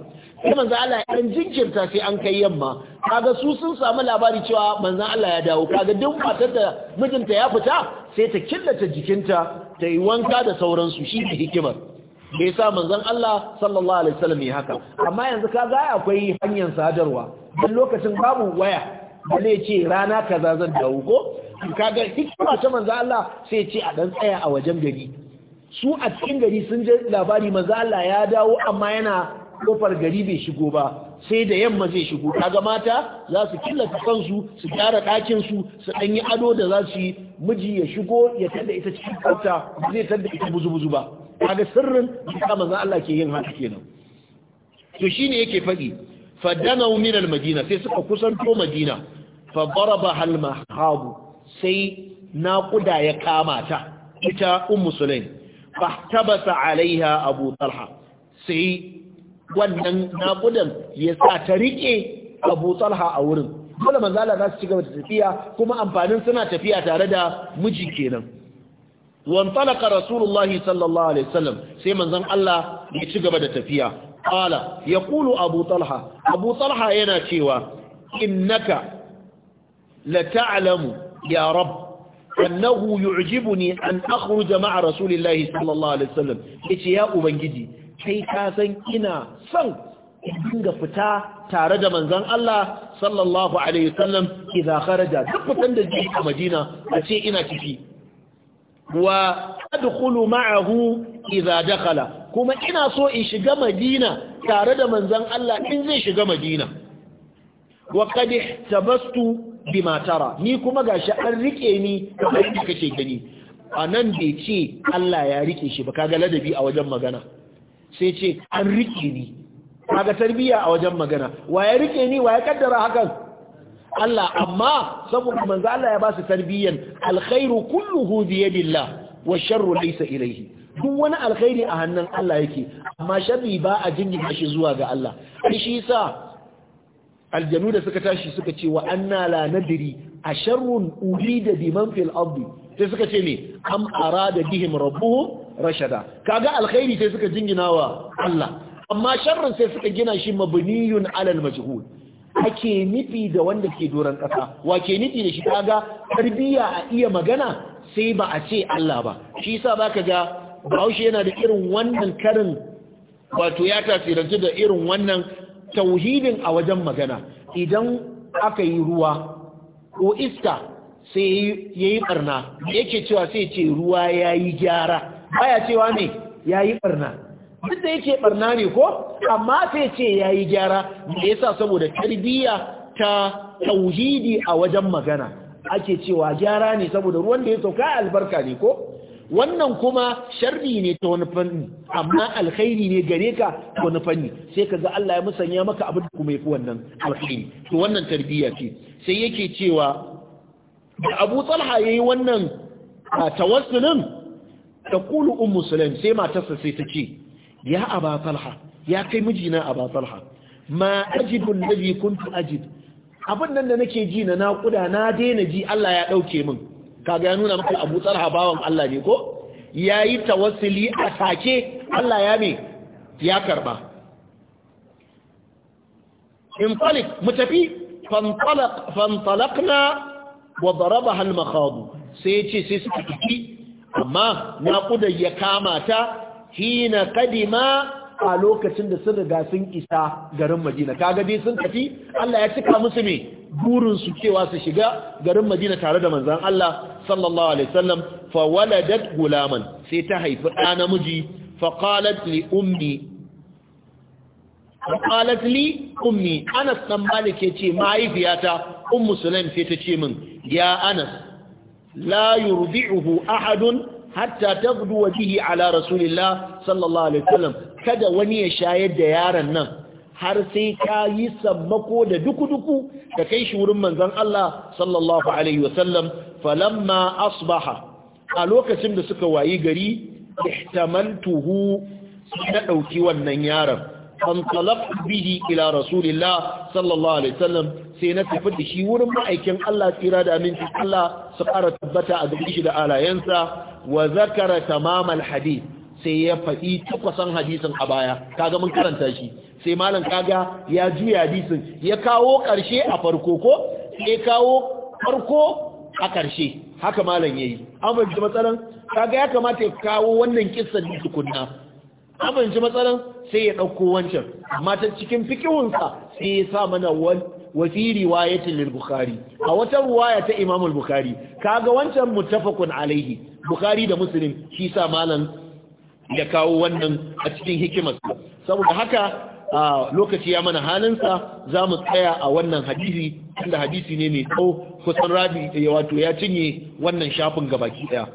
sai manzo Allah ya dan jinkirta sai an kai yamma kaga su sun samu labari cewa manzo Allah ya dawo kaga duk matar da mijinta ya fita sai ta killace jikinta ta yi wanka da sauransu shi ne hikimar bai sa manzon Allah sallallahu alaihi wasallam ya haka amma yanzu kaga akwai hanyar sadarwa dan lokacin babu waya ba zai ce rana kaza zan dawo ko kaga hikima ta manzo Allah sai ce a dan tsaya a wajen gari su a cikin gari sun je labari manzo Allah ya dawo amma yana kofar gari bai shigo ba sai da yamma zai shigo kaga mata za su killata kansu su gyara ɗakin su su dan yi ado da za su yi miji ya shigo ya tada ita cikin kauta ba zai tada ita buzu buzu ba kaga sirrin da manzo Allah ke yin haka kenan to shine yake faɗi fadana min madina sai suka kusanto madina fa hal mahab sai naquda ya kama ta ita ummu sulaim fahtabasa alaiha abu talha sai wannan naqudan ya sa ta rike abu talha a wurin dole manzala za su ci gaba da tafiya kuma amfanin suna tafiya tare da miji kenan wantalaka rasulullahi sallallahu alaihi wasallam sai manzon Allah ya ci gaba da tafiya qala yaqulu abu talha abu talha yana cewa innaka la ta'lamu ya rab annahu yu'jibuni an akhruja ma'a rasulillahi sallallahu alaihi wasallam yace ya ubangiji kai ka san ina son dinga fita tare da manzon Allah sallallahu alaihi wasallam idza kharaja duk fitan da ji a Madina a ce ina ciki wa adkhulu ma'ahu idza dakhala kuma ina so in shiga madina tare da manzan Allah in zai shiga madina wa qad ihtabastu bima tara ni kuma gashi an rike ni kamar yadda kake gani anan bai ce Allah ya rike shi ba kaga ladabi a wajen magana sai ce an rike ni kaga tarbiya a wajen magana wa ya rike ni wa ya kaddara hakan Allah amma saboda manzo Allah ya ba su tarbiyan alkhairu kulluhu bi yadillah wa sharru laysa ilayhi duk wani alkhairi a hannun Allah yake amma sharri ba a jingina shi zuwa ga Allah shi yasa aljanu da suka tashi suka ce wa anna la nadri a sharrun urida fil ardi sai suka ce ne am arada bihim rabbuhum rashada kaga alkhairi sai suka jingina wa Allah amma sharrin sai suka gina shi mabniyun alal majhul ake nufi da wanda ke doron ƙasa wa ke nufi da shi kaga tarbiya a iya magana sai ba a ce Allah ba shi yasa zaka ga bahaushe yana da irin wannan karin wato ya tasirantu da irin wannan tauhidin a wajen magana idan aka yi ruwa ko iska sai ya yi barna yake cewa sai ce ruwa ya yi gyara baya cewa ne ya yi barna duk da yake barna ne ko amma sai ce ya yi gyara da yasa saboda tarbiyya ta tauhidi a wajen magana ake cewa gyara ne saboda ruwan da ya sauka albarka ne ko wannan kuma sharri ne ta wani fanni amma alkhairi ne gare ka ta wani fanni sai ka ga Allah ya musanya maka abin da kuma yafi wannan alkhairi to wannan tarbiyya ce sai yake cewa da Abu Talha yayi wannan tawassulin ta ummu sulaim sai matarsa sai ta ce ya Aba Talha ya kai mijina Aba Talha ma ajibu alladhi kuntu ajid abin nan da nake ji na naƙuda na daina ji Allah ya ɗauke min kaga ya nuna maka abu tsarha bawan Allah ne ko ya yi tawassuli a sake Allah ya me ya karba in falik mu tafi fantalakna wa daraba halmakhadu sai ce sai suka tafi amma naƙudar ya kama ta hina kadima a lokacin da sun riga sun isa garin madina kaga dai sun tafi Allah ya cika musu me burinsu cewa su shiga garin madina tare da manzan Allah sallallahu alaihi wasallam fa waladat gulaman sai ta haifi ɗa namiji fa qalat li ummi qalat li ummi Anas dan Malik yace mahaifiyata un Sulaim sai ta ce min ya Anas la yurdi'uhu ahadun hatta tabdu wajihi ala rasulillah sallallahu alaihi wasallam kada wani ya shayar da yaron nan har sai ka yi sammako da duku-duku ka kai shi wurin manzon Allah sallallahu alaihi wasallam falamma asbaha a lokacin da suka wayi gari ihtamantuhu na ɗauki wannan yaron fantalaq bihi ila rasulillah sallallahu alaihi wasallam sai na tafi da shi wurin ma'aikin Allah tsira da aminci Allah su ƙara tabbata a gaban shi da alayensa wa zakara tamamal hadith sai ya faɗi tukwasan hadisin a baya kaga mun karanta shi sai malam kaga ya juya hadisin ya kawo karshe a farko ko ya kawo farko a ƙarshe haka malam yayi an ji matsalan kaga ya kamata ya kawo wannan kissa da tukunna an ji matsalan sai ya ɗauko wancan amma ta cikin fikihunsa sai ya sa mana wafi riwayatin lil-bukhari a wata ruwaya ta imam al-bukhari kaga wancan muttafaqun alaihi bukhari da muslim shi sa malam ya kawo wannan a cikin hikimarsa saboda haka a lokaci ya mana halinsa za mu tsaya a wannan hadisi inda hadisi ne mai tsawo kusan rabi Ya eh, wato ya cinye wannan shafin gabaki daya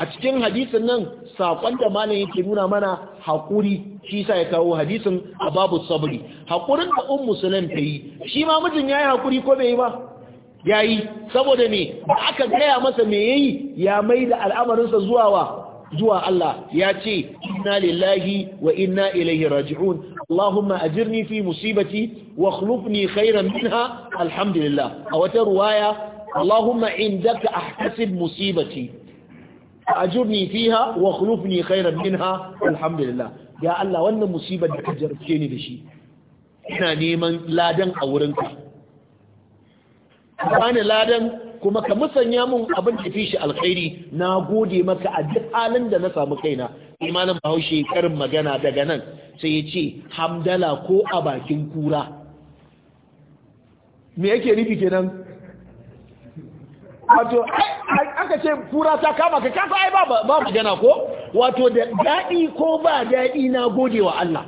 a cikin hadisin nan sakon da malam yake nuna mana hakuri shi sa ya kawo hadisin a babu sabri hakurin da um musulun ta yi shi ma mijin ya yi hakuri ko bai yi ba ya yi saboda ne ba aka gaya masa me ya yi ya mai da al'amarinsa zuwa wa zuwa Allah ya ce inna lillahi wa inna ilaihi raji'un Allahumma ajirni fi musibati wa khlufni khairan minha alhamdulillah a wata ruwaya Allahumma indaka ahtasib musibati ajirni fiha wa khlufni khairan minha alhamdulillah ya Allah wannan musibar da ka jarce ni da shi ina neman ladan a wurinka bani ladan kuma ka musanya mun abin da fi shi alkhairi na gode maka a duk halin da na samu kaina imanin bahaushe karin magana daga nan sai ya ce hamdala ko a bakin kura me yake nufi kenan wato aka ce kura ta kama ka kasa ai ba ba magana ko wato da daɗi ko ba daɗi na gode wa Allah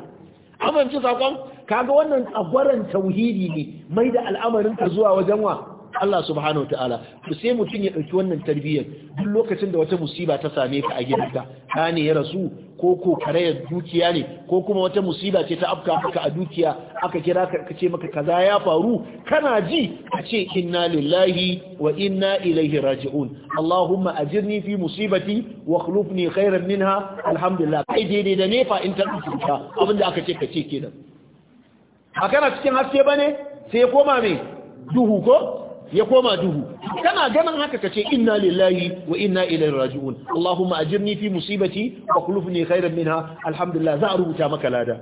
ci sakon kaga wannan tsagwaran tauhidi ne mai da al'amarin ka zuwa wajen wa Allah subhanahu ta'ala to sai mutum ya ɗauki wannan tarbiyyar duk lokacin da wata musiba ta same ka a gidanka ka ne ya rasu ko ko karayar dukiya ne ko kuma wata musiba ce ta afka maka a dukiya aka kira ka kace maka kaza ya faru kana ji a ce inna lillahi wa inna ilaihi raji'un Allahumma ajirni fi musibati wa akhlifni khairan minha alhamdulillah kai daidai da nefa in ta dukiya abinda aka ce kace kenan a kana cikin haske bane sai koma me duhu ko ya koma duhu kana ganin haka ce inna lillahi wa inna ilaihi raji'un allahumma ajirni fi musibati wa khulufni khairan minha alhamdulillah za a rubuta maka lada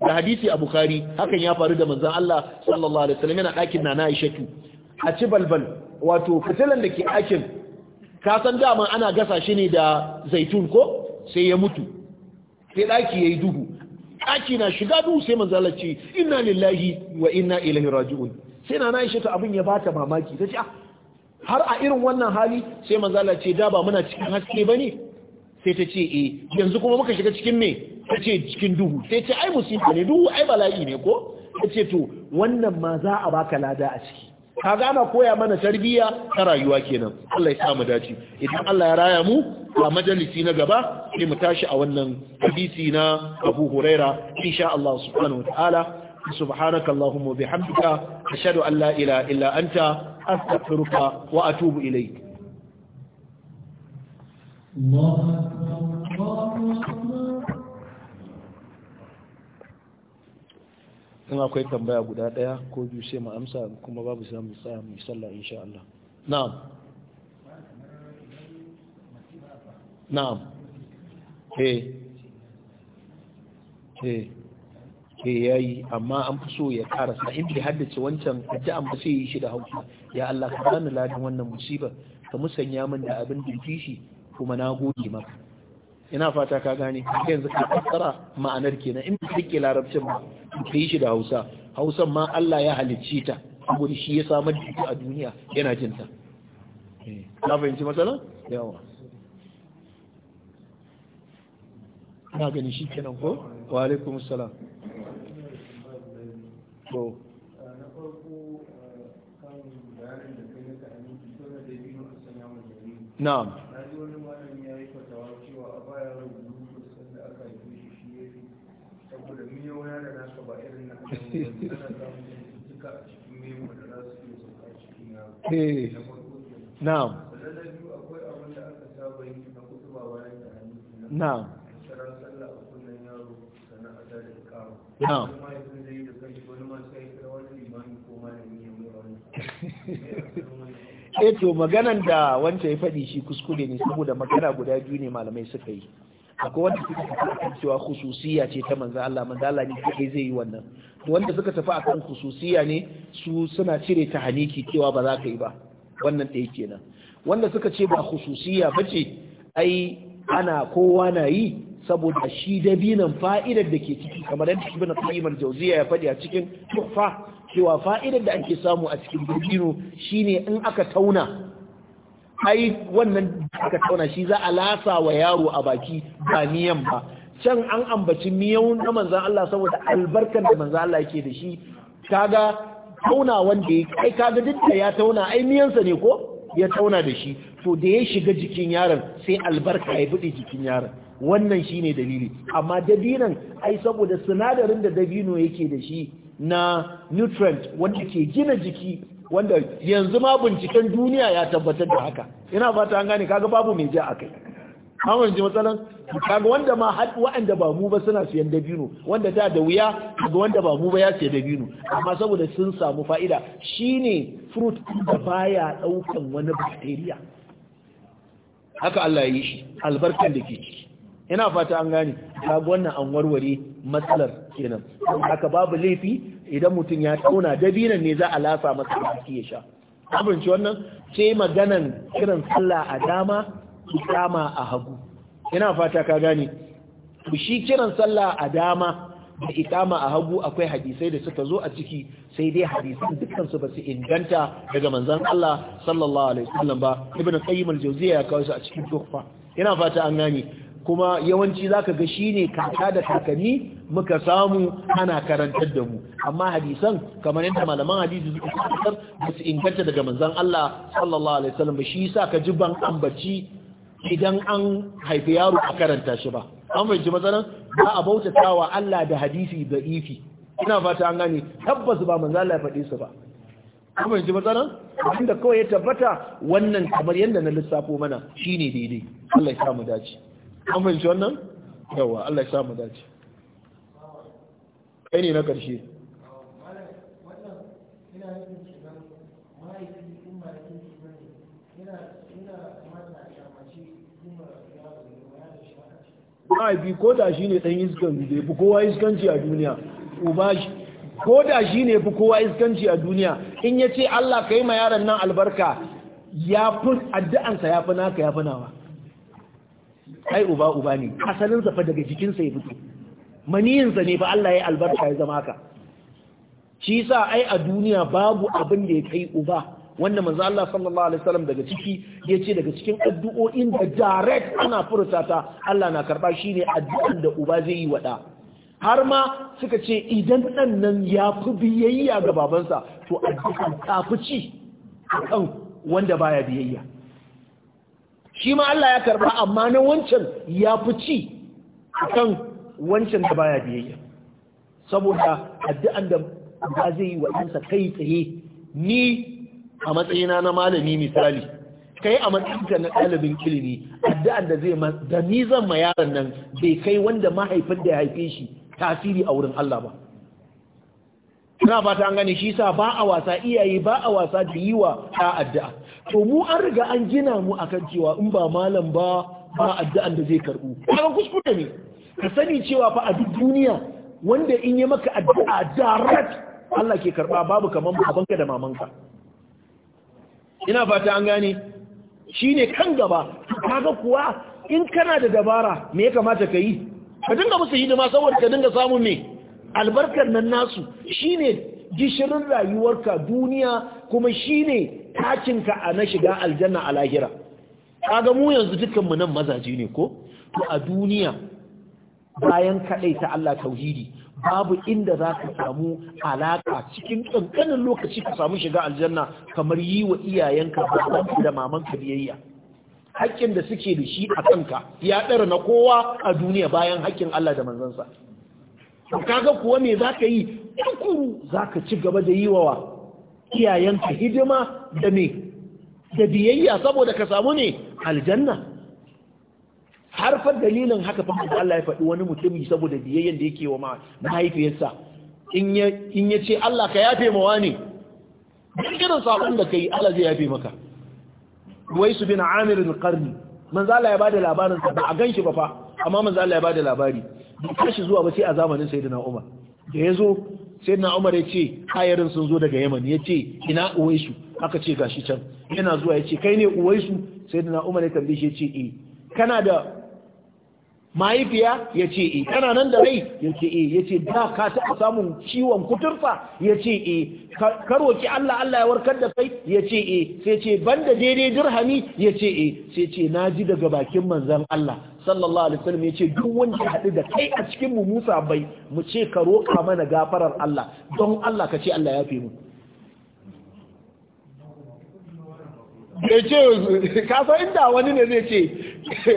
da hadisi a bukhari hakan ya faru da manzon Allah sallallahu alaihi wasallam yana dakin nana Aishatu a ci balbal wato fitilan da ke akin ka san dama ana gasa shi ne da zaitun ko sai ya mutu sai daki yayi duhu daki na shiga duhu sai manzon Allah ce inna lillahi wa inna ilaihi raji'un sai na na ta abin ya bata mamaki ta ce ah, har a irin wannan hali sai manzala ce da ba muna cikin haske bane sai ta ce eh yanzu kuma muka shiga cikin me ta ce cikin duhu sai ce ai musiba ne duhu ai bala'i ne ko ta ce to wannan ma za a baka lada a ciki ka gana koya mana tarbiyya ta rayuwa kenan Allah ya sa mu dace idan Allah ya raya mu a majalisi na gaba sai mu tashi a wannan hadisi na Abu Huraira insha Allah subhanahu wa ta'ala subhanaka allahumma bihamdika ashhadu an la ilaha illa anta astaghfiruka in akwai tambaya guda ɗaya ko biyu sai mu amsa kuma babu sai tsaya mu sallah insha na'am na'am eh. Eh. ke ya yi amma an fi so ya karasa in bai haddace wancan addu'an ba sai yi shi da hausa ya Allah ka bani ladan wannan musiba ka musanya min da abin da shi kuma na gode maka ina fata ka gane yanzu ka tsara ma'anar kenan in bai rike larabcin ba ka yi shi da hausa hausan ma Allah ya halicce ta saboda shi ya samar da ita a duniya yana jin ta na eh, fahimci matsala yawa na gani shi kenan ko wa alaikum salam to na farko eh, kan bayanin da kai na aminci to da biyu a sanya mu jami na'am na ji wani malami ya yi fatawa cewa a baya rubutu da aka yi shi shi ya fi saboda mun yi miyona da naka ba irin na ana samun cututtuka a cikin memo da za su iya sauka cikin yaro eh, na farko na'am sannan na biyu akwai abin da aka saba yin na kutuba bayan da aminci na'am kiran sallah a kunnen yaro sana'a a da ikama na'am eh to maganan da wanda ya faɗi shi kuskure ne saboda magana guda biyu ne malamai suka yi akwai wanda suka tafi kan cewa khususiya ce ta manzo Allah manzo Allah ne kai zai yi wannan to wanda suka tafi akan khususiya ne su suna cire ta haniki cewa ba za ka yi ba wannan ɗaya kenan wanda suka ce ba ba ce, ai ana kowa na yi saboda shi dabinan fa'idar da ke ciki kamar yadda Ibn Qayyim al jawziya ya faɗi a cikin Tuhfa cewa fa'idar da ake samu a cikin dabino ne in aka tauna ai wannan aka tauna shi za a lasa wa yaro a baki ba miyan ba can an ambaci miyan na manzan Allah saboda albarkar da manzan Allah yake da shi kaga tauna wanda ya kai kaga duk da ya tauna ai miyansa ne ko ya tauna da shi to da ya shiga jikin yaron sai albarka ya buɗe jikin yaron wannan shine dalili amma dabinan ai saboda sinadarin da dabino yake da shi na nutrient wanda ke gina jiki wanda yanzu ma binciken duniya ya tabbatar da haka ina fata an gane kaga babu mai ja akai an ji matsalan kaga wanda ma har wa'anda ba mu ba suna siyan dabino wanda da da wuya kaga wanda ba mu ba ya siya dabino amma saboda sun samu fa'ida shine fruit da baya daukan wani bacteria haka Allah ya yi shi albarkan da ke ciki ina fata an gane kaga wannan an warware matsalar kenan haka babu laifi idan mutum ya tauna dabinan ne za a lasa masa ya sha abinci wannan ce maganan kiran sallah a dama kama a hagu ina fata ka gane shi kiran sallah a dama da ikama a hagu akwai hadisai da suka zo a ciki sai dai hadisan dukkansu ba su inganta daga manzon Allah sallallahu alaihi wasallam ba ibnu qayyim al-jawziya ya kawo su a cikin tuhfa ina fata an gane kuma yawanci za ka ga shi ne kaka da kakanni muka samu ana karantar da mu amma hadisan kamar yadda malaman hadisi suka tabbatar da su inganta daga manzan Allah sallallahu alaihi wasallam shi yasa ka ji ban ambaci idan an haifi yaro a karanta shi ba an fahimci matsalan ba a bauta bautatawa Allah da hadisi da ifi ina fata an gane tabbas ba manzan Allah ya faɗi su ba an fahimci matsalan abinda kawai ya tabbata wannan kamar yadda na lissafo mana shine daidai Allah ya samu dace an shi wannan yawa Allah ya samu dace kai ne na ƙarshe mahaifi ko da shi ne ɗan iskan da ya fi kowa iskanci a duniya uba shi ko da shi ne fi kowa iskanci a duniya in ya ce Allah ka yi ma yaron nan albarka ya fi addu'ansa ya fi naka ya fi nawa ai uba uba ne asalin sa fa daga jikinsa ya fito maniyinsa ne fa Allah ya albarka ya zama haka shi yasa ai a duniya babu abin da ya kai uba wanda manzo Allah sallallahu alaihi wasallam daga ciki yace daga cikin addu'o'in da direct ana furta ta Allah na karba shine addu'an da uba zai yi wada har ma suka ce idan dan nan ya fi biyayya ga babansa to addu'an ta fi ci kan wanda baya biyayya shi ma Allah ya karba amma na wancan ya fi ci akan wancan da baya biyayya saboda addu'an da ba zai yi wa ɗansa kai tsaye ni a matsayina na malami misali kai a matsayinka na ɗalibin ilimi addu'an da zai da ni zan ma yaron nan bai kai wanda mahaifin da ya haife shi tasiri a wurin Allah ba ina fata an gane shi sa ba a wasa iyaye ba a wasa da yi wa ta addu'a to mu an riga an gina mu akan cewa in ba malam ba ba addu'an da zai karbu kuma kuskure ne ka sani cewa fa a duk duniya wanda in yi maka addu'a direct Allah ke karba babu kaman babanka da mamanka ina fata an gane shine kan gaba kaga kuwa in kana da dabara me ya kamata ka yi ka dinga musu hidima saboda ka dinga samun me albarkar nan nasu shine gishirin rayuwarka duniya kuma shi ne takinka a na shiga aljanna a lahira kaga mu yanzu dukanmu nan mazaje ne ko to a duniya bayan kaɗai ta Allah tauhidi babu inda za ka samu alaƙa cikin ƙanƙanin lokaci ka samu shiga aljanna kamar yi wa iyayenka babanka da mamanka biyayya haƙƙin da suke da shi a kanka ya ɗara na kowa a duniya bayan haƙƙin Allah da manzansa to kaga kuwa me ka yi tukuru zaka ci gaba da yi wa iyayenka hidima da me da biyayya saboda ka samu ne aljanna har fa dalilin haka fa Allah ya faɗi wani mutumi saboda biyayyen da yake wa mahaifiyarsa in ya in ya ce Allah ka yafe ma wani duk irin sakon da ka yi Allah zai yafe maka Waisu bin Amir al-Qarni Manzala ya bada labarin sa ba a ganshi ba fa amma manzo Allah ya bada labari bai tashi zuwa ba sai a zamanin sayyidina Umar da yazo sayyidina Umar ya ce ayarin sun zo daga Yaman ya ce ina uwaisu aka ce gashi can yana zuwa ya ce kai ne uwaisu sayyidina Umar ya tambaye shi ya ce eh kana da mahaifiya ya ce e kana nan da rai ya ce e ya ce da ka taɓa samun ciwon kuturfa ya ce e eh, karoki Allah Allah ya warkar da kai ya ce e sai ce banda daidai dirhami ya ce e sai ce na ji daga bakin manzan Allah sallallahu alaihi wasallam ya ce duk wanda ya haɗu da kai a cikin mu Musa bai mu ce ka roƙa mana gafarar Allah don Allah ka ce Allah ya fi mu da ce kasar inda wani ne zai ce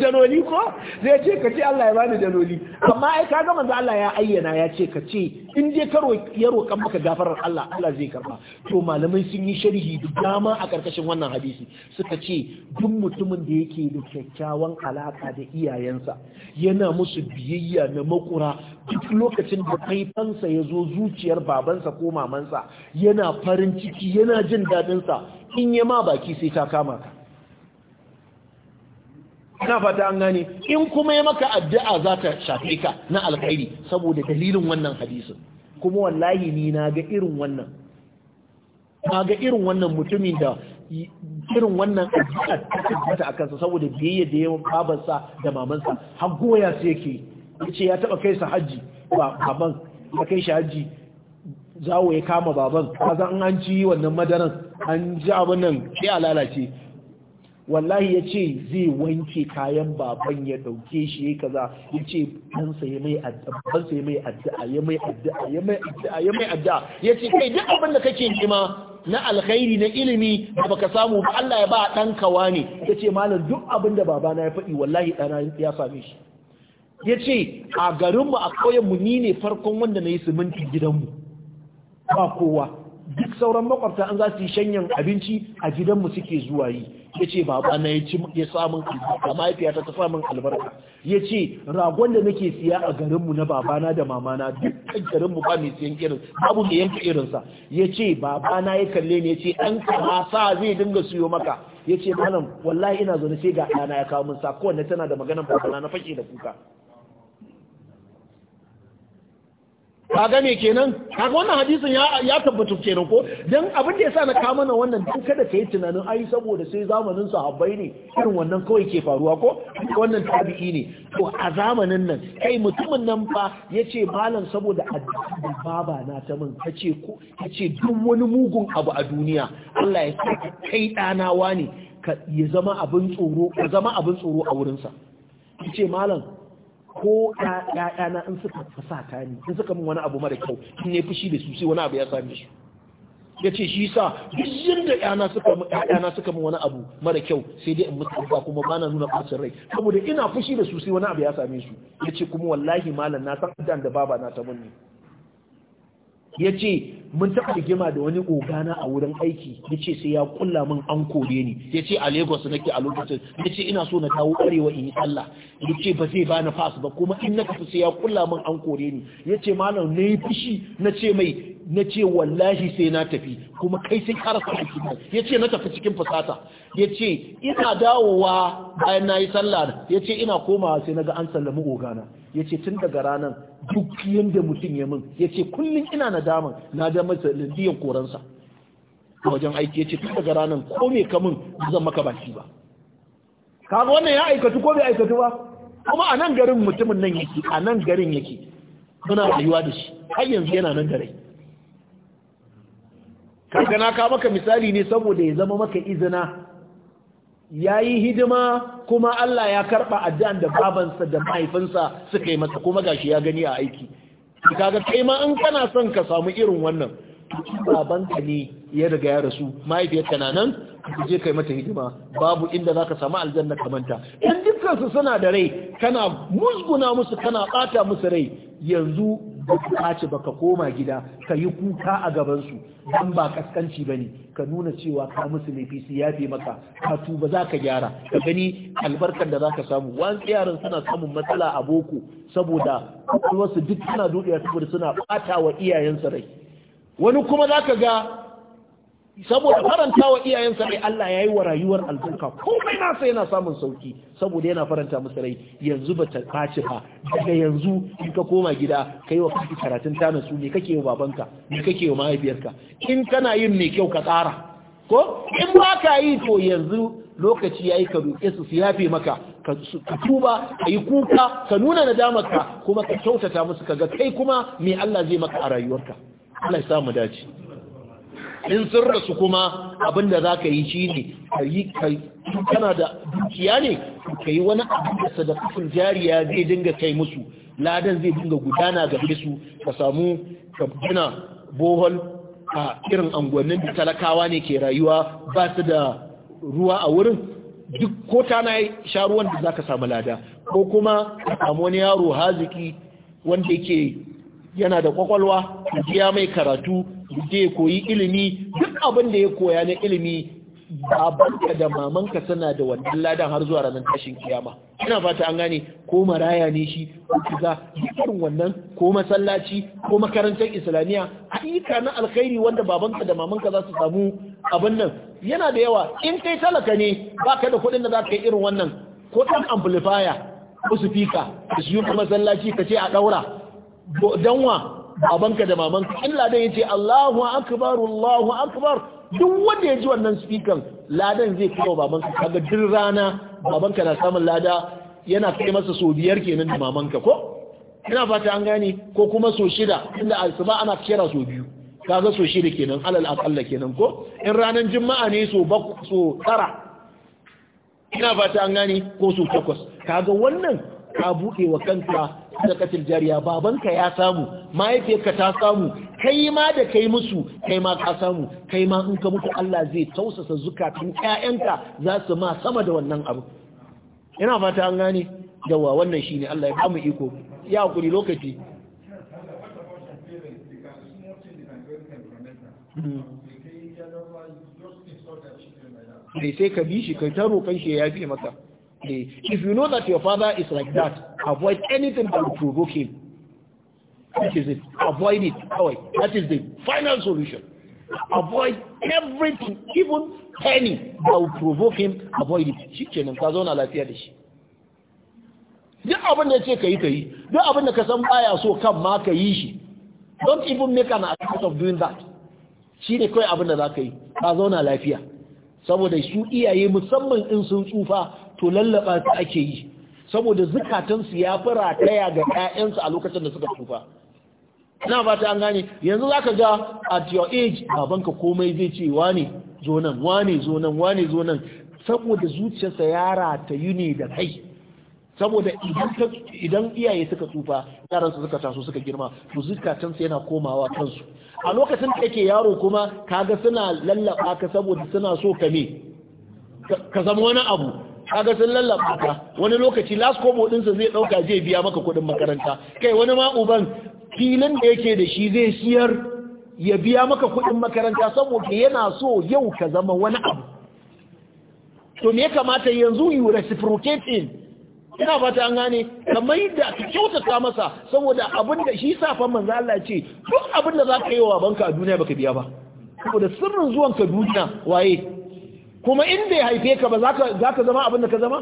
janoli ko zai ce ka ce Allah ya bani janoli amma ai ka gama Allah ya ayyana ya ce ka ce in je karo ya roƙan maka gafarar Allah Allah zai karba to malamai sun yi sharhi da dama a karkashin wannan hadisi suka ce duk mutumin da yake da kyakkyawan alaƙa da iyayensa yana musu biyayya na makura duk lokacin da kaifansa ya zo zuciyar babansa ko mamansa yana farin ciki yana jin daɗinsa in yi ma baki sai ta kama ka Ina fata an gane in kuma ya maka addu'a za ta shafe ka na alkhairi saboda dalilin wannan hadisin kuma wallahi ni na ga irin wannan na ga irin wannan mutumin da irin wannan addu'a ta tabbata a kansa saboda biyayya da yawan babansa da mamansa har goya sai yake ce ya taba kai sa hajji ba baban ya kai shi hajji. zawo ya kama baban kaza in an ci wannan madaran an ji abin nan sai a lalace wallahi ya ce zai wanke kayan baban ya ɗauke shi ya kaza ya ce ɗansa ya mai addu'a ya mai addu'a ya mai addu'a ya mai addu'a ya ce kai duk abin da kake nema na alkhairi na ilimi da baka samu ba Allah ya ba kawa ne. ya ce malam duk abin da babana ya faɗi wallahi ɗana ya same shi ya ce a garinmu a ƙauyenmu ni ne farkon wanda na yi siminti gidanmu ba kowa duk sauran makwabta an za su yi shanyan abinci a gidanmu suke zuwa yi ya ce baba na ya ci ya samun albarka mahaifiyata ta samun albarka ya ce ragon da nake siya a garinmu na babana da mamana dukkan garinmu ba mai siyan irin babu mai yanka irinsa ya ce babana ya kalle ne ya ce ɗan kama sa zai dinga siyo maka ya ce malam wallahi ina zaune sai ga ɗana ya kawo min sa kowanne tana da maganar babana na fake da kuka ka ga kenan kaga wannan hadisin ya ya tabbata kenan ko dan abin da sa na kama na wannan don kada yi tunanin ai saboda sai zamanin sahabbai ne irin wannan kawai ke faruwa ko wannan tabi'i ne to a zamanin nan kai mutumin nan fa yace malam saboda addinin baba na ta min kace ko kace duk wani mugun abu a duniya Allah ya sa kai dana wani ka zama abin tsoro ka zama abin tsoro a wurinsa yace malam ko ɗaɗana in suka ta ni in suka min wani abu mara kyau in ne fushi da su wani abu ya same su ya ce shi sa duk yadda ɗana suka ɗaɗana suka min wani abu mara kyau sai dai in mutu ba kuma bana nuna ɓacin rai saboda ina fushi da su sai wani abu ya same su ya ce kuma wallahi malam na san da baba na ta mun ne ya ce mun taɓa rigima da wani ogana a wurin aiki ya ce sai ya kulla min an kore ni ya ce a lagos nake a lokacin ya ce ina so na dawo arewa in yi sallah ya ce ba zai bani fas ba kuma in na tafi sai ya kulla min an kore ni ya ce malam na yi fushi na ce mai na ce wallahi sai na tafi kuma kai sai karasa a cikin nan ya ce na tafi cikin fusata ya ce ina dawowa bayan na yi sallah ya ce ina komawa sai na ga an sallami ogana ya ce tun daga ranar duk yadda mutum ya min ya ce kullum ina na damar na da masa koransa a wajen aiki ya ce tun daga ranar ko me ka zan maka baki ba kaga wannan ya aikatu ko bai aikatu ba kuma a nan garin mutumin nan yake a nan garin yake muna rayuwa da shi har yanzu yana nan da rai kaga na ka maka misali ne saboda ya zama maka izina Ya yi hidima kuma Allah ya karba addu'an da babansa da mahaifinsa suka yi masa kuma gashi ya gani a aiki kaga kai ma in kana son ka samu irin wannan babanka ne ya riga ya rasu mahaifiyarka na nan ka je kai mata hidima babu inda zaka samu aljanna kamanta. Yan in dukkan suna da rai kana musguna musu kana bata musu rai yanzu da su ba ka koma gida ka yi kuka a gabansu dan ba kaskanci bane ka nuna cewa ka musu ne su yafe maka ka tuba za ka gyara ka gani albarkar da za ka samu wan yaran suna samun matsala a boko saboda wasu duk suna dudiya saboda suna ɓata wa iyayensu rai wani kuma za ka ga saboda faranta wa iyayensa mai Allah ya yi wa rayuwar albarka komai nasa yana samun sauki saboda yana faranta musu rai yanzu ba ta kaci ba daga yanzu in ka koma gida ka yi wa kaki karatun tana su me kake wa babanka me kake wa mahaifiyarka in kana yin mai kyau ka tsara ko in ba ka yi to yanzu lokaci ya yi ka roƙe su yafe maka ka tuba ka yi kuka ka nuna ka kuma ka kyautata musu ka ga kai kuma me Allah zai maka a rayuwarka Allah ya samu mu dace in sun rasu kuma abin da za ka yi shi ne kana da dukiya ne ka yi wani abin da sadakafin jariya zai dinga kai musu ladan zai dinga gudana ga su ka samu ka bohol a irin unguwannin da talakawa ne ke rayuwa ba su da ruwa a wurin duk ko ta na sha ruwan da za ka samu lada ko kuma ka samu wani yaro haziki wanda yake yana da kwakwalwa ya mai karatu ya koyi ilimi duk abin da ya koya na ilimi babanka da mamanka suna da wannan ladan har zuwa ranar tashin kiyama ina fata an gane ko maraya ne shi ko kiza irin wannan ko masallaci ko makarantar islamiyya ayyuka na alkhairi wanda babanka da mamanka za su samu abin nan yana da yawa in kai talaka ne baka da kuɗin da za ka yi irin wannan ko ɗan amplifier ko speaker ka siyo masallaci ka ce a ɗaura danwa babanka da mamanka Allah dai yace Allahu akbar Allahu akbar duk wanda ya ji wannan speaker ladan zai kawo babanka kaga duk rana babanka na samun lada yana kai masa so biyar kenan da mamanka ko ina fata an gane ko kuma so shida inda asuba ana kira so biyu kaga so shida kenan alal aqalla kenan ko in ranar juma'a ne so bako so tara ina fata an gane ko so takwas kaga wannan ka buɗe wa kanka sadakatil jariya babanka ya samu mahaifiyarka ta samu kai ma da kai musu kai ma ka samu kai ma in ka mutu Allah zai tausasa zukatun ƴaƴanka za su ma sama da wannan abu ina fata an gane yawa wannan shine Allah ya ba mu iko ya hakuri lokaci sai sai ka bi shi kai ta roƙon shi ya fi maka If you know that your father is like that, avoid anything that will provoke him. That is it. Avoid it. Avoid. That is the final solution. Avoid everything, even penny that will provoke him, avoid it. Shi kenan ka zauna lafiya da shi. Duk abin da ce ka yi ka yi, duk abin da ka san baya so kan ma ka yi shi. Don't even make an attempt of doing that. Shi ne kawai abin da za ka yi, ka zauna lafiya. Saboda su iyaye musamman in sun tsufa to lallaba su ake yi saboda zukatansu ya fara rataya ga 'ya'yansu a lokacin da suka tufa na fata an gane yanzu za ka ga at your age babanka komai zai ce wane zo nan wane zo nan wane zo nan saboda zuciyarsa ya yi ne da kai saboda idan iyaye suka tsufa yaransu suka taso suka girma to zukatansu yana komawa kansu a lokacin da yake yaro kuma kaga suna lallaba ka saboda suna so ka me ka zama wani abu kaga sun lallaba wani lokaci last kobo dinsa zai dauka zai biya maka kudin makaranta kai wani ma uban filin da yake da shi zai siyar ya biya maka kudin makaranta saboda yana so yau ka zama wani abu to me kamata yanzu you reciprocating ina fata an gane kamar yadda ka kyautata masa saboda abin da shi safan manzo Allah ce duk abin da zaka yi wa banka a duniya baka biya ba saboda sirrin zuwan ka duniya waye kuma in bai haife ka ba za ka zama abin da ka zama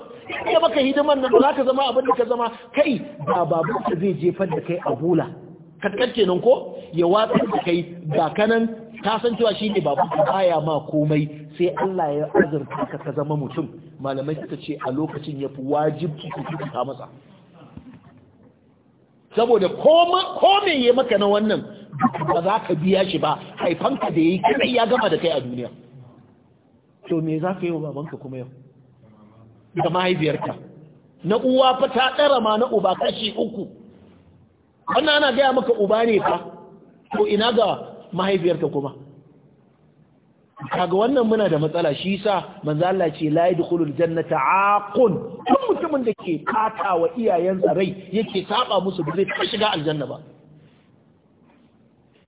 ya maka hidiman nan za ka zama abin da ka zama kai ba babin ka zai jefar da kai a bula katkar kenan ko ya watsa da kai ga kanan ka san cewa shi ne babu baya ma komai sai Allah ya azurta ka ka zama mutum malamai suka ce a lokacin ya fi wajibci ku masa saboda ko ya maka na wannan ba za ka biya shi ba haifanka da ya yi kai-kai ya gama da kai a duniya to me za ka yi wa babanka kuma yau da mahaifiyarka na uwa fa ta tsara ma na uba kashi uku wannan ana gaya maka uba ne fa to ina ga mahaifiyarka kuma kaga wannan muna da matsala shi sa manzo Allah ce la yadkhulul jannata aqun duk mutumin da ke kata wa iyayensa rai yake saba musu ba zai shiga aljanna ba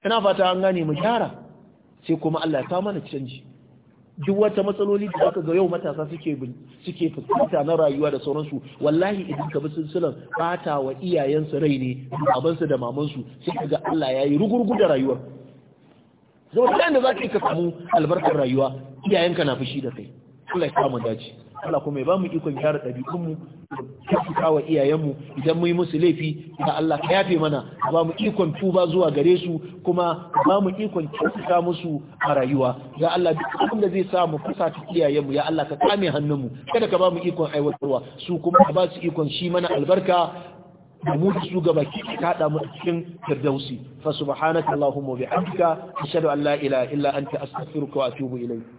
ina fata an gane mu gyara sai kuma Allah ya ta mana canji duk wata matsaloli da aka ga yau matasa suke suke fuskanta na rayuwa da sauransu wallahi idan ka bi silsilan bata wa iyayensu rai ne babansu da mamansu sai ka ga Allah yayi rugurgu da rayuwar zama da za ka yi ka samu albarkar rayuwa iyayenka na fushi da kai Allah ya kama dace Allah kuma ya ba mu ikon gyara ɗabi'unmu da kyautata wa iyayenmu idan mu yi musu laifi da Allah ka yafe mana ka ba mu ikon tuba zuwa gare su kuma ka ba mu ikon kyautata musu a rayuwa ya Allah duk abin da zai sa mu fasa ta iyayenmu ya Allah ka kame hannunmu kada ka ba mu ikon aiwatarwa su kuma ka ba su ikon shi mana albarka da mu da su gaba ki kada mu cikin firdausi fa subhanaka allahumma wa bihamdika ashhadu an la ilaha illa anta astaghfiruka wa atubu ilayk